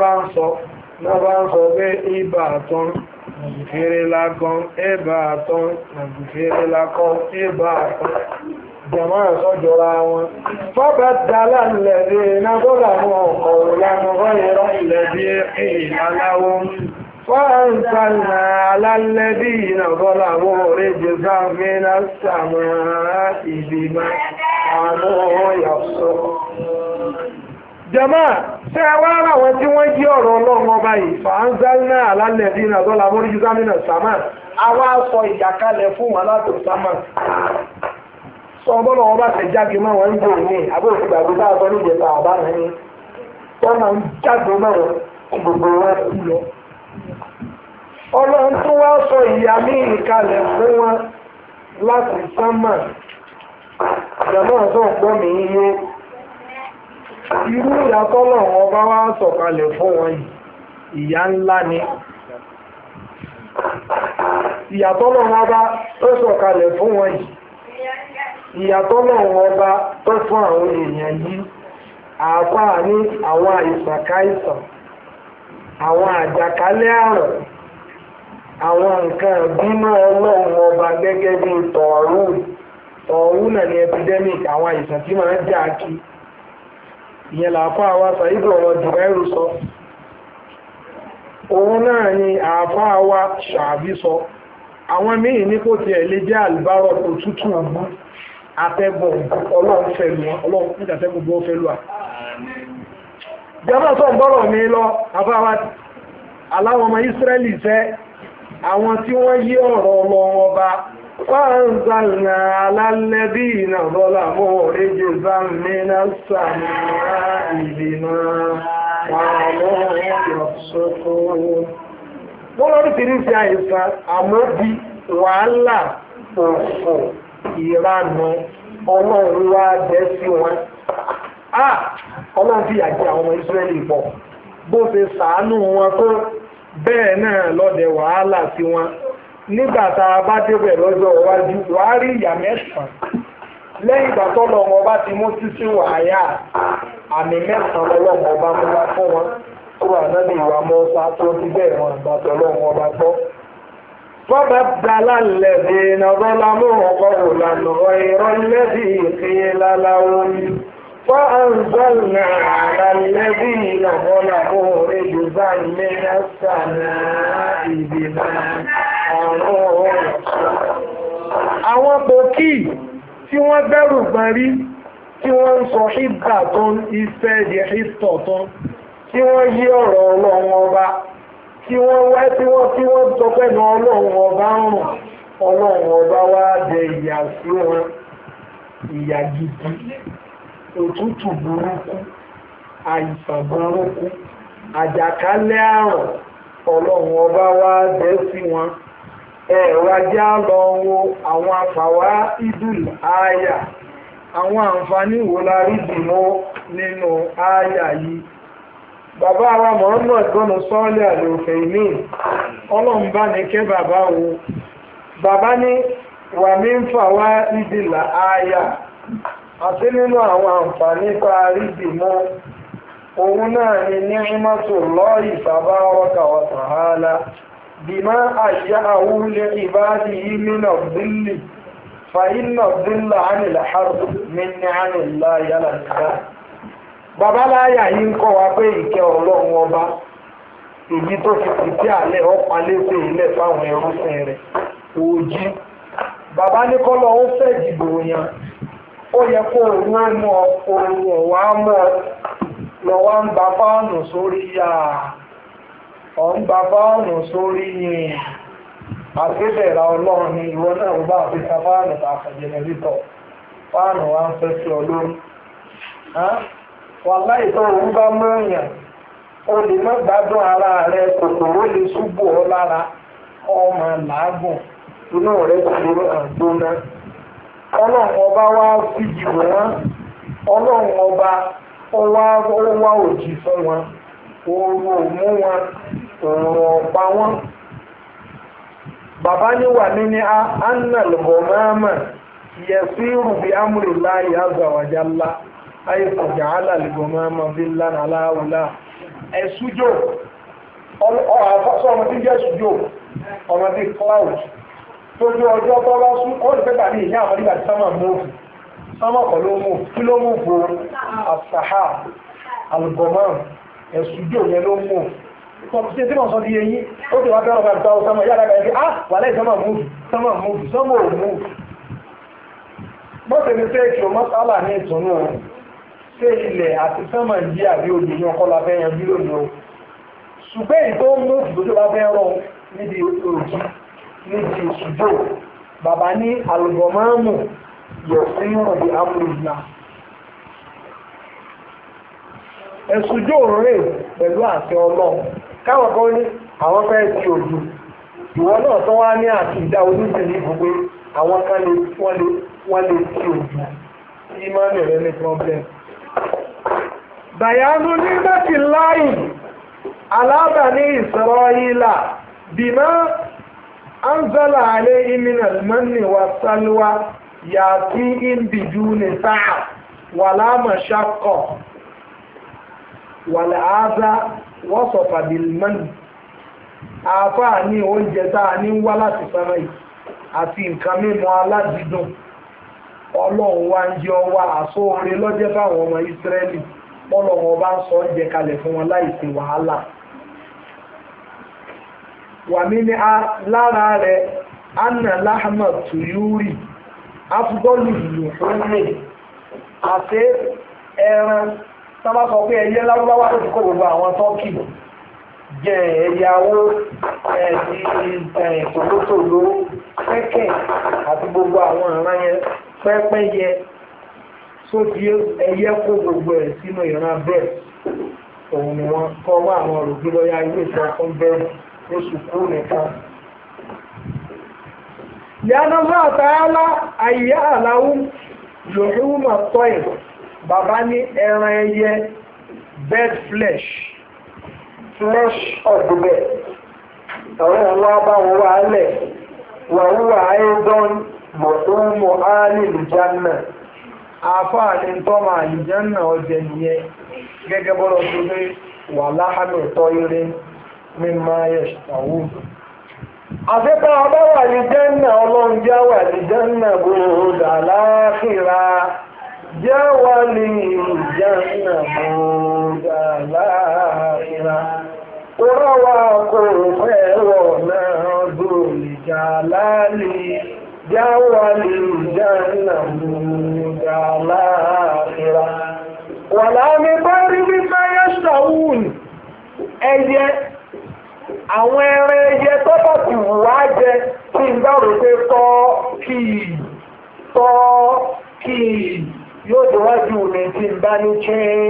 bá ń sọ pé ibà tán nàìjíríà ibà tán nàìjíríà jẹ̀mọ́ ẹ̀sọ́ jọra wọn fọ́bẹ̀ dálà lẹ̀dí iná gọ́là mọ́ ọ̀rọ̀ lánàá ìrọ̀ lẹ̀dí ìlàláwó fọ́ǹsànà alálẹ́dí iná gọ́là mọ́ orí jésà mẹ́nà sàmà ìbìmọ̀ àwọn yàtọ̀ jẹ̀mọ́ tẹ́ wá ráwọn tí wọ́n jí ọ̀rọ̀ ọlọ́run ọba yìí fọ́ǹsànà alálẹ́dí iná gọ́là mọ́ orí jésà mẹ́nà sàmà àwọn aṣọ ìyàkalẹ̀ fún wọn látò sàmà sọ́ọ́bọ́nà wọn bá fẹ́ jáde mọ́ wọn ń bò ní àbúrò ìgbàgbé tá a ní ìjẹta àbá náà ni ń gbogbo wọn kú lọ. ọlọ́run tó wá sọ ìyá mi ìkalẹ̀ fún wọn láti sánmà ìjàmọ́ tó ń gbọ́ yé irú ìyàtọ̀ lọ́wọ́ bá wá sọ̀kalẹ̀ fún wọn yìí ìyá ńlá ni ìyàtọ̀ lọ́wọ́ bá tó sọ̀kalẹ̀ fún wọn yìí ìyàtọ́ náà wọn bá tó fún àwọn èèyàn yìí àpá ní àwọn àìsàn káìsàn àwọn àjàkálẹ̀ àrùn àwọn nǹkan bínú ọlọ́run ọba gẹ́gẹ́ bí tọ̀ọ̀rùn tọ̀ọ̀rùn náà ní epidemic àwọn àìsàn tí máa ń jà kí sọ òun náà ni àwa ṣàbí sọ àwọn míì ní kò tiẹ̀ lè jẹ́ àlùbárọ̀ afẹ́bọ̀ ọlọ́run fẹ́lú wọn ọlọ́run fún ìjàfẹ́bọ̀ bọ́ fẹ́lú à. jẹ́mọ́ sọ bọ́rọ̀ mi lọ afáwa aláwọn ọmọ Ísírẹ́lì fẹ́ àwọn tí wọ́n yí ọ̀rọ̀ ọlọ́run ọba fáńsàlìnà alálẹ́bí ìnàbọ́là mọ́ èjì zámínà sàmì ìdìnnà àwọn ìyọ̀sọ́kọ́ wọ́n lọ́dún tí ní ti àìsàn àmọ́ wàhálà ìranu ọlọ́run wá bẹ́ sí wọn ọlọ́run fi yà jẹ àwọn ìsírẹ́lì pọ̀ bó ṣe sàánú wọn tó bẹ́ẹ̀ náà lọ́dẹ wàhálà sí wọn nígbà tá a bá débẹ̀ lọ́jọ́ iwájú wàá rí ìyà mẹ́sàn-án lẹ́yìn ìgbà tó lọ́mọ ọba ti mú títí wàhálà àmì mẹ́sàn-án lọ́mọ ọba mú wá fún wọn tó wà náà ní ìwà mọ́ọ́sá tó ti bẹ́ẹ̀ wọn àgbàtọ̀ lọ́mọ ọba gbọ́. فبدل الذين ظلموا قولا غير الذي قيل لهم فأنزلنا على الذين ظلموا رجزا من السماء بما كانوا àwọn bòkì tí wọ́n gbẹ́rù gbọ́n rí tí wọ́n ń sọ ìgbà tó ń ìfẹ́ ìdí ìtọ̀ tán tí wọ́n yí ọ̀rọ̀ ọlọ́run ọba tí wọ́n wá tí wọ́n tí wọ́n sọ pẹ̀lú ọlọ́run ọba ń rùn ọlọ́run ọba wá jẹ ìyà sí wọn ìyà gidi òtútù burúkú àìsàn burúkú àjàkálẹ̀ àrùn ọlọ́run ọba wá jẹ sí wọn ẹ̀rọ ajá lọ wo àwọn afàwá idul aya àwọn àǹfààní wo la rí dìmọ́ nínú aya yìí. bàbá wa Muhammad gbọ́nà sọ́ọ́lì àlòfẹ́ ìmí ọlọ́mbà ní kẹ́ bàbá wo bàbá ní wà mí ń fà wá ìdìlà àyà àti nínú àwọn àǹfààní tá a rí òun náà ni ní ìmọ̀tò lọ́ọ̀yì bàbá ọkà ọ̀tàhálà bìmọ́ àṣà àwúlẹ̀ ìbáàdì yìí bílì fàyínà bílà ánìlà mí ní yálà babaláyà yìí ń kọ́ wa pé ìkẹ́ ọlọ́run ọba èyí tó fi pìtì àlẹ́ ọ̀pálẹ́sẹ̀ ilẹ̀ fáwọn ẹrúsìn rẹ̀ òòjì bàbá ní kọ́lọ́ ó fẹ́ dìbò ó yẹ kó òun mọ òun ọ̀wá mọ́ lọ wá ń gba fáànù sórí ọ̀ ń gba fáànù ni ìwọ náà bá àfihàn fáànù jẹnẹrétọ̀ fáànù wa ń fẹ́ wàlá ìtọ́ òun bá mọ́ọ̀yàn o lè má gbádùn ara rẹ kòkòrò lè ṣubú ọ lára ọmọ làágùn inú rẹ ti lè àgbóná ọlọ́run ọba wá fìjì wọ́n ọlọ́run ọba ó wá òjì fún wọn oru wọn ọ̀pá wọn ayẹ́kọ̀jà alàlẹ́gbọ̀mọ́ amọ̀bílá aláwọ̀lá ẹ̀sújò ọmọ tí jẹ́ ṣùjò ọmọ tí cloud tó jẹ́ ọjọ́ tó bá sún ó lè pẹ́ta ní ìyá àwọn ìgbàtí sọ́mọ̀ mọ́ọ̀fù sọ́mọ̀ kọ̀ ló mú kí ló mú bò àṣàhà alùgọ́mọ̀ ẹ̀ṣùjò yẹn ló mú tí tí wọ́n sọ di eyín ó ti wá bẹ́rọ̀ bá gbá ọsọ́mọ̀ yára bá ẹgbẹ́ ah wà lẹ́yìn sọ́mọ̀ mọ́ọ̀fù sọ́mọ̀ ṣé ilẹ̀ àti sánmà jí àbí odò ní ọkọ́ la fẹ́ yanjú lónìí o ṣùgbẹ́ ìtò mú ìdójó bá fẹ́ rọ níbi òjì níbi ìṣùjò bàbá ní àlùbọ̀mọ́mù yọ̀ sí ọ̀dẹ̀ amúlùmá ẹ̀ṣùjò rẹ̀ pẹ̀lú àṣẹ ọlọ́run káwọn kan ní àwọn fẹ́ ti òjò ìwọ náà tó wá ní àti ìdá oníṣẹ́ ní gbogbo àwọn kan lè wọ́n lè ti òjò ìmọ̀ rẹ̀ ní problem. bàyánú nígbàtí ala alábàní ìsọ̀rọ̀ìlà bima an zala alẹ́ ìmìnà mọ́ni wa salwa ya tí in bìjú ní sáà wà láàmà ṣakọ̀ wà láàzá wọ́sọ̀fà bilmọ́ni ni ní oúnjẹ ni ní wá láti sánmà yìí àti nǹkan mímu aládìdùn ọlọ́run wá ń jẹ ọwá àsóore lọ́jẹ́ fáwọn ọmọ ìsírẹ́lì pọ́lọ̀ wọn bá ń sọ oúnjẹ kalẹ̀ fún wọn láìsí sí wàhálà wàmí ni lára rẹ̀ anna lahama tuyuri afúgọ́lù ìlú fún àti ẹran sábà sọ pé ẹyẹ lárúbáwá tó ti kó gbogbo àwọn tọ́kì jẹ ẹyàwó ẹ̀dí tòlótòló kẹ́kẹ́ àti gbogbo àwọn ìran yẹn pẹ́pẹ́yẹ tó di ẹyẹ kó gbogbo ẹ̀ sínú ìran bread òun ni wọ́n kọ́ wá àwọn òrògbé lọ́yà ilé ìfẹ́ fún bread lóṣù kú nìkan. ìyáná náà tààlà àyè àláwù yòówù mà tọ́yìn bàbá ní ẹran ẹyẹ bed flesh flesh of the bed àwọn ọ̀wá bá wọn wá lẹ̀ wàhùwà ayédán mọ̀tún mọ̀ áálì lùjánà àfáà ní tọ́mà àlìjánà ọjẹ́ nìyẹn gẹ́gẹ́ bọ́lọ̀ tó lé wà láhàmì ọ̀tọ́ eré mímọ́ ẹ̀ṣàwó àfẹ́fẹ́ abáwà àlìjánà ọlọ́run jáwà àlìjánà gbòòdà láàfíra jáwà ní ìjánà gbòòdà láàfíra جعل الجنة الآخرة ولا مبارك ما يشتهون àwọn ẹran ẹyẹ tó bá ti wù wá jẹ kí n bá pé tọ́ kì í tọ́ kì í yóò déwájú mi tí n bá ní chín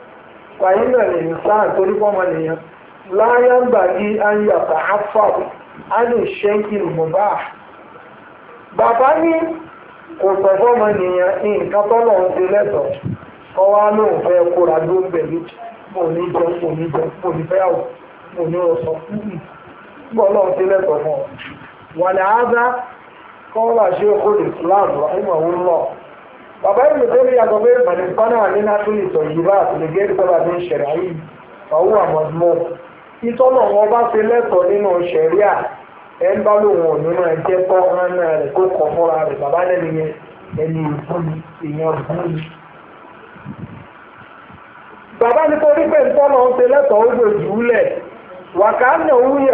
fàyín náà lè ní sáà torí pọ́nmọ nìyẹn láyà ń gbà ní ayàtà afab á lè ṣẹ́kì mọ̀bá. bàbá ní kò sọ kọwaa n'ofe nǹkan tọ́lọ̀ ń ṣe lẹ́tọ̀ọ́ ọwọ́ á lóun fẹ́ kóra ló ń bẹ̀lú mo ní jẹ mo ní ní ní bàbá ìlú tó ní yàgò pé màdìsíkọ́nà àlénátólì tọ̀yìnbá àtìlẹ́gẹ́ ìtọ́lá ní ṣẹ̀rẹ̀ ayé ọ̀hún àmọ́dúnmọ́ ìtọ́nà wọn bá ṣe lẹ́tọ̀ọ́ nínú ṣẹ̀ríà ẹ̀ ń bá lòun ò ní máa jẹ́ tọ́ ọ̀hánà rẹ̀ kó kọ̀ fúnra rẹ̀ bàbá lẹ́nu yẹn ẹni ìbúni èèyàn búni. bàbá ní torí pé ìtọ́nà ń ṣe lẹ́tọ̀ọ́ ó jòjúlẹ̀ wàkà ánà òun yẹ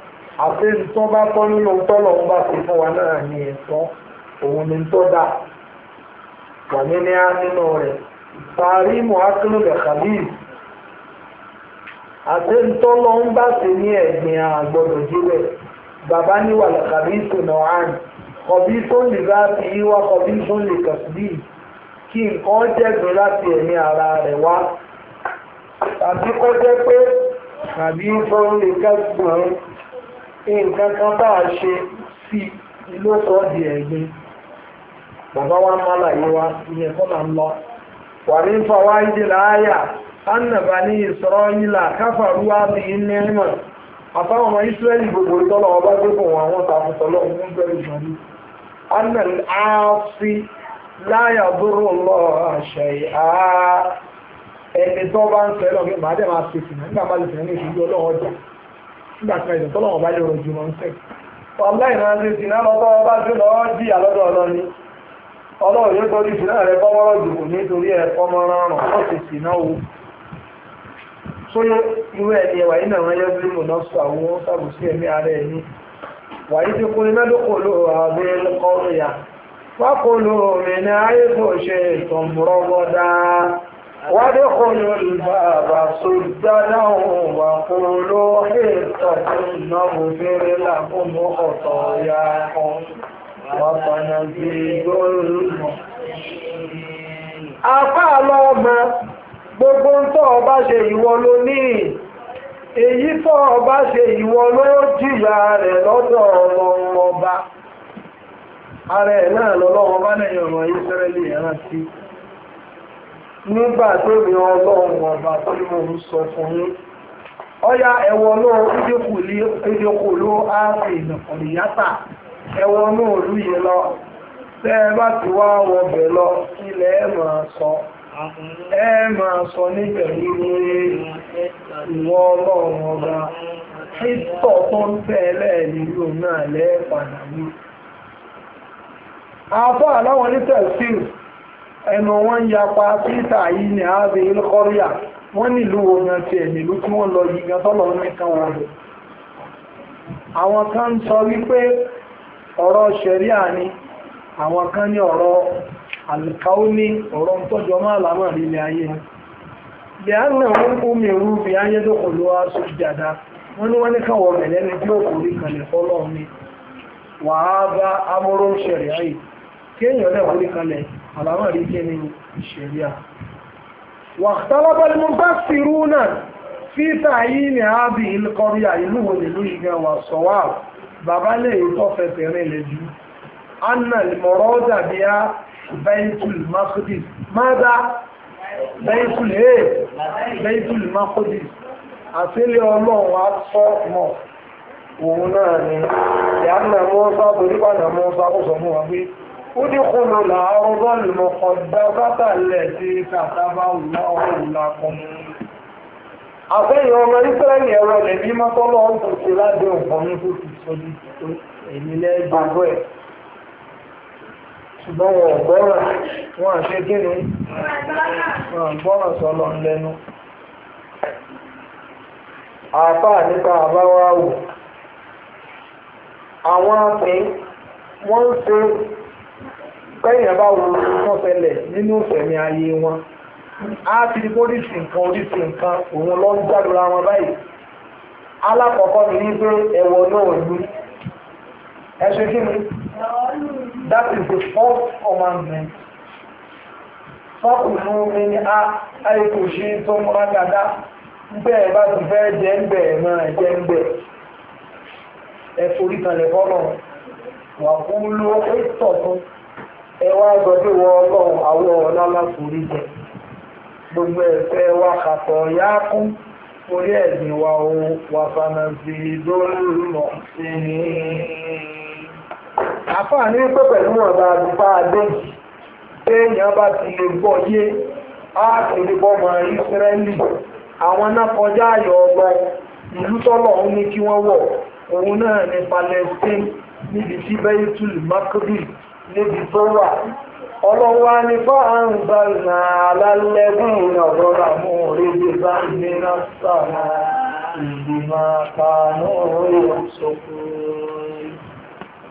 àti ntọ́ bá tọ́ nínú tọ́lọ̀ ń bá ti fún wa náà ní ẹ̀tọ́ òun ni ntọ́ dà wà níní á nínú rẹ̀ parí muhakilu bẹ̀kàlíì àti ntọ́ lọ ń bá ti ní ẹ̀gbìn àgbọ̀dọ̀ jílẹ̀ bàbá ní wà lẹ̀kàlíì tó náà hàn kọ̀bí tó lè bá ti yí wá kọ̀bí tó lè kàsílì kí nǹkan jẹ̀gbìn láti ẹ̀mí ara rẹ̀ wá tàbí kọ́ jẹ́ pé tàbí tó lè kẹ́sìmọ̀ nǹkan kan tá a ṣe sí ló sọ di ẹ̀gbin bàbá wa máa láyé wa ìyẹn kọ́ là ń lọ. wà ní kafa ìdí láàyà annaba ní ìsọ̀rọ̀ ìlà káfàrú wa ti ọba gbogbo wọn àwọn tààfù tọ́lọ̀ ń dúró lọ àṣẹ ìhà ẹni tó bá ń sẹ́lọ̀ kí màá dẹ̀ máa nígbà má nígbà tí ẹ̀sìn tọ́lọ́wọ́ bá lè rọ̀jù mọ́ ń sẹ̀. ọ̀la ìran ṣe ọba tó lọ́ jìyà ẹ̀ ẹ̀wà náà sọ àwọn ohun ara ti ní وادخلوا الباب سجدا وقولوا حطة نغفر لكم خطاياكم وسنزيد المحسنين àfáàlọ́ ọmọ gbogbo ń tọ́ ọba ṣe ìwọ ló ní èyí tọ́ ọba ṣe ìwọ ló jìyà rẹ̀ lọ́dọ̀ ọlọ́run ara ẹ̀ náà lọ́lọ́run ọba lẹ́yìn ọ̀rọ̀ ìsírẹ́lì ẹ̀rántí nígbà tó ní ọlọ́run ọba tó ní òun sọ fún yín ọya ẹ̀wọ̀ náà ìdíkù ló á fi ìdàkọ̀lì yátà ẹ̀wọ̀ náà òlú yìí lọ tẹ́ ẹ bá ti wá wọbẹ̀ lọ ilẹ̀ ẹ máa sọ ẹ máa sọ níbẹ̀ nínú ìwọ ọlọ́run ọba títọ̀ tó ń tẹ́ ẹlẹ́ẹ̀lú náà lẹ́ẹ̀padà ní. àfọ́ àláwọn onítẹ̀síìsì ẹnu wọn yapa títà yìí ní ààbẹ̀ ilkọ́ríà wọ́n nílùú ogan ti ẹ̀mìlú tí wọ́n lọ yìí gan tọ́lọ̀ nìkan wọn àwọn kan ń sọ wípé ọ̀rọ̀ ṣẹ̀ríà ni àwọn kan ní ọ̀rọ̀ àlùkáó ní ọ̀rọ̀ tọ́jọ́ máa lámà nílẹ̀ ayé bí a náà wọ́n kó mi rú bí ayé tó kò ló ni kalẹ̀ àlàmọ́ rí kí ni ìṣẹ̀lẹ̀ à. wàtálọ́bọ̀lì mo bá sírú náà fíta yìí ni a bí ìlúkọrí ìlú wo nílùú ìgbà wà sọ̀wá bàbá lè tó fẹsẹ̀ rìn lè jù. anna mọ̀rọ́ dàbí a baitul maqdis mada baitul he baitul maqdis àtìlẹ̀ ọlọ́run wa sọ mọ̀ òun náà ni ìyá náà mọ́ sáà torí wà náà wa pé. ادخلوا الأرض المقدسة التي كتبها الله لكم àfẹ́yìn ọmọ Ísírẹ́lì ẹ̀rọ ilẹ̀ mímọ́ tọ́lọ́ ń tún ṣe lábẹ́ òǹkan ní kó ti sọ ní tó èmi lẹ́gbàgbọ́ ẹ̀ ṣùgbọ́n wọn ọ̀gbọ́ràn wọn àṣẹ kíni wọn ọ̀gbọ́ràn sọlọ ń lẹ́nu àáfàá nípa àbáwá wò àwọn apẹ̀ wọ́n ń ṣe kẹ́yìn bá wo wọ́n nínú ìfẹ̀mí ayé wọn á ti di oríṣi nǹkan oríṣi nǹkan òun lọ ń jádùra wọn báyìí alákọ̀ọ́kọ́ ni wípé ẹ̀wọ̀ náà lú ẹ kí ni that is the first commandment fọ́kùnrin omi ni a ah, àìkò ṣe tó ń rágádá bẹ́ẹ̀ bá ti fẹ́ jẹ́ ń bẹ̀ náà jẹ́ ń bẹ̀ ẹ forí kalẹ̀ fọ́lọ̀ wà fún ló ètò ẹwà wá awọ ọlọ́run àwọn jẹ gbogbo ẹ̀fẹ́ wa kàtọ̀ yá kú orí ẹ̀gbìn wa o wà fànàzì lórúmọ̀ sí ni. àfààní pé pẹ̀lú ọ̀nà àdúgbò adé téèyàn bá ti lè gbọ́ yé ti ìsírẹ́lì àwọn náà kọjá ìlú níbi tó wà ọlọ́wà ní fáàǹbà náà alálẹ́bí ìrọ̀rọ̀rà mú orí bí bá nínú sàrà ìgbìmọ̀ àkànú orí òṣòkú.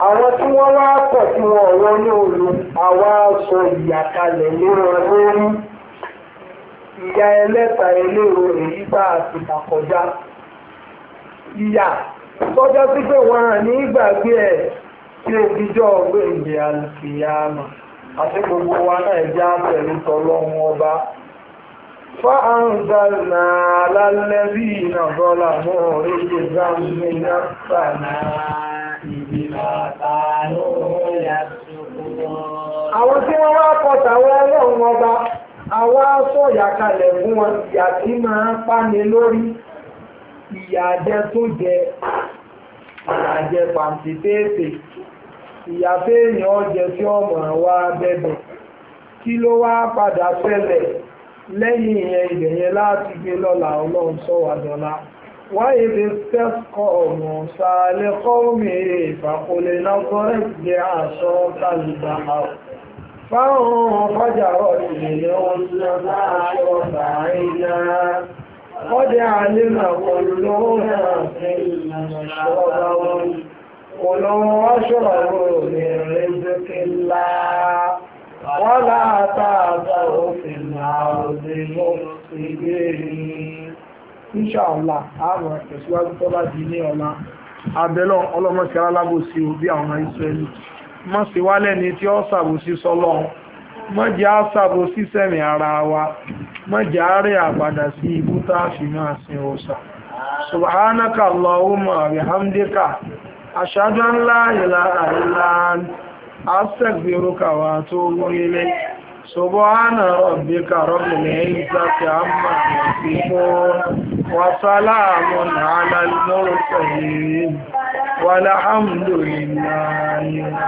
àwọn tí wọ́n wá pọ̀ tí wọ́n wọ́n ní òru àwa ìyàkalẹ̀ léra lórí ìyá ẹlẹ́ta eléro èyí bá a ti ìyà tọ́jọ́ sí wọ́n ní ìgbàgbé ẹ̀ tí ó díjọ́ ọgbẹ́ ìgbé alìfìyàmà àti gbogbo wa náà ẹjá pẹ̀lú tọlọ́run ọba fa'anzalna alálẹ́bí ìnàbọ́là mọ́ orí ìgbàmìnà sànà ìbìnà tààrù àwọn tí wọ́n wá kọta wọ́n lọ́run ọba àwọn aṣọ ìyàkalẹ̀ fún wọn ìyà tí máa ń páni lórí ìyà jẹ tó jẹ ìyà jẹ pàǹtí tẹ́ẹ̀tẹ̀ẹ́ ìyá téèyàn ọjẹ tí ọmọ wa bẹ̀bẹ̀ kí ló wá padà ṣẹlẹ̀ lẹ́yìn ìyẹn ibẹ̀ yẹn láti gbé lọ́la ọlọ́run sọ̀wádọ́lá wáyé lè tẹ́kọ̀ ọ̀mọ̀ sàálẹ̀ kọ́ọ̀mì ìfàkọlẹ̀ lọ́gọ́rẹ́ jẹ́ aṣọ kálíbà fáwọn fájàrọ̀ ìrìnlẹ̀ oṣù aṣọ bàáyá wọ́n jẹ́ alẹ́ nàkọlù lọ́wọ́ náà كلوا واشربوا من رزق الله ولا تعثوا في الأرض مفسدين inṣàlá àwọn ìtẹ̀síwájú tó bá di ní ọ̀la àwọn ìsírẹ́lì má ṣe wá lẹ́ni tí ó ṣàbòsí sọlọ́run má jẹ́ á ṣàbòsí sẹ̀mí ara sí ashhadu an la ilaha illa anta astaghfiruka wa atubu ilayk subhana rabbika rabbil izzati amma yasifun wa salamun ala al-mursalin والحمد لله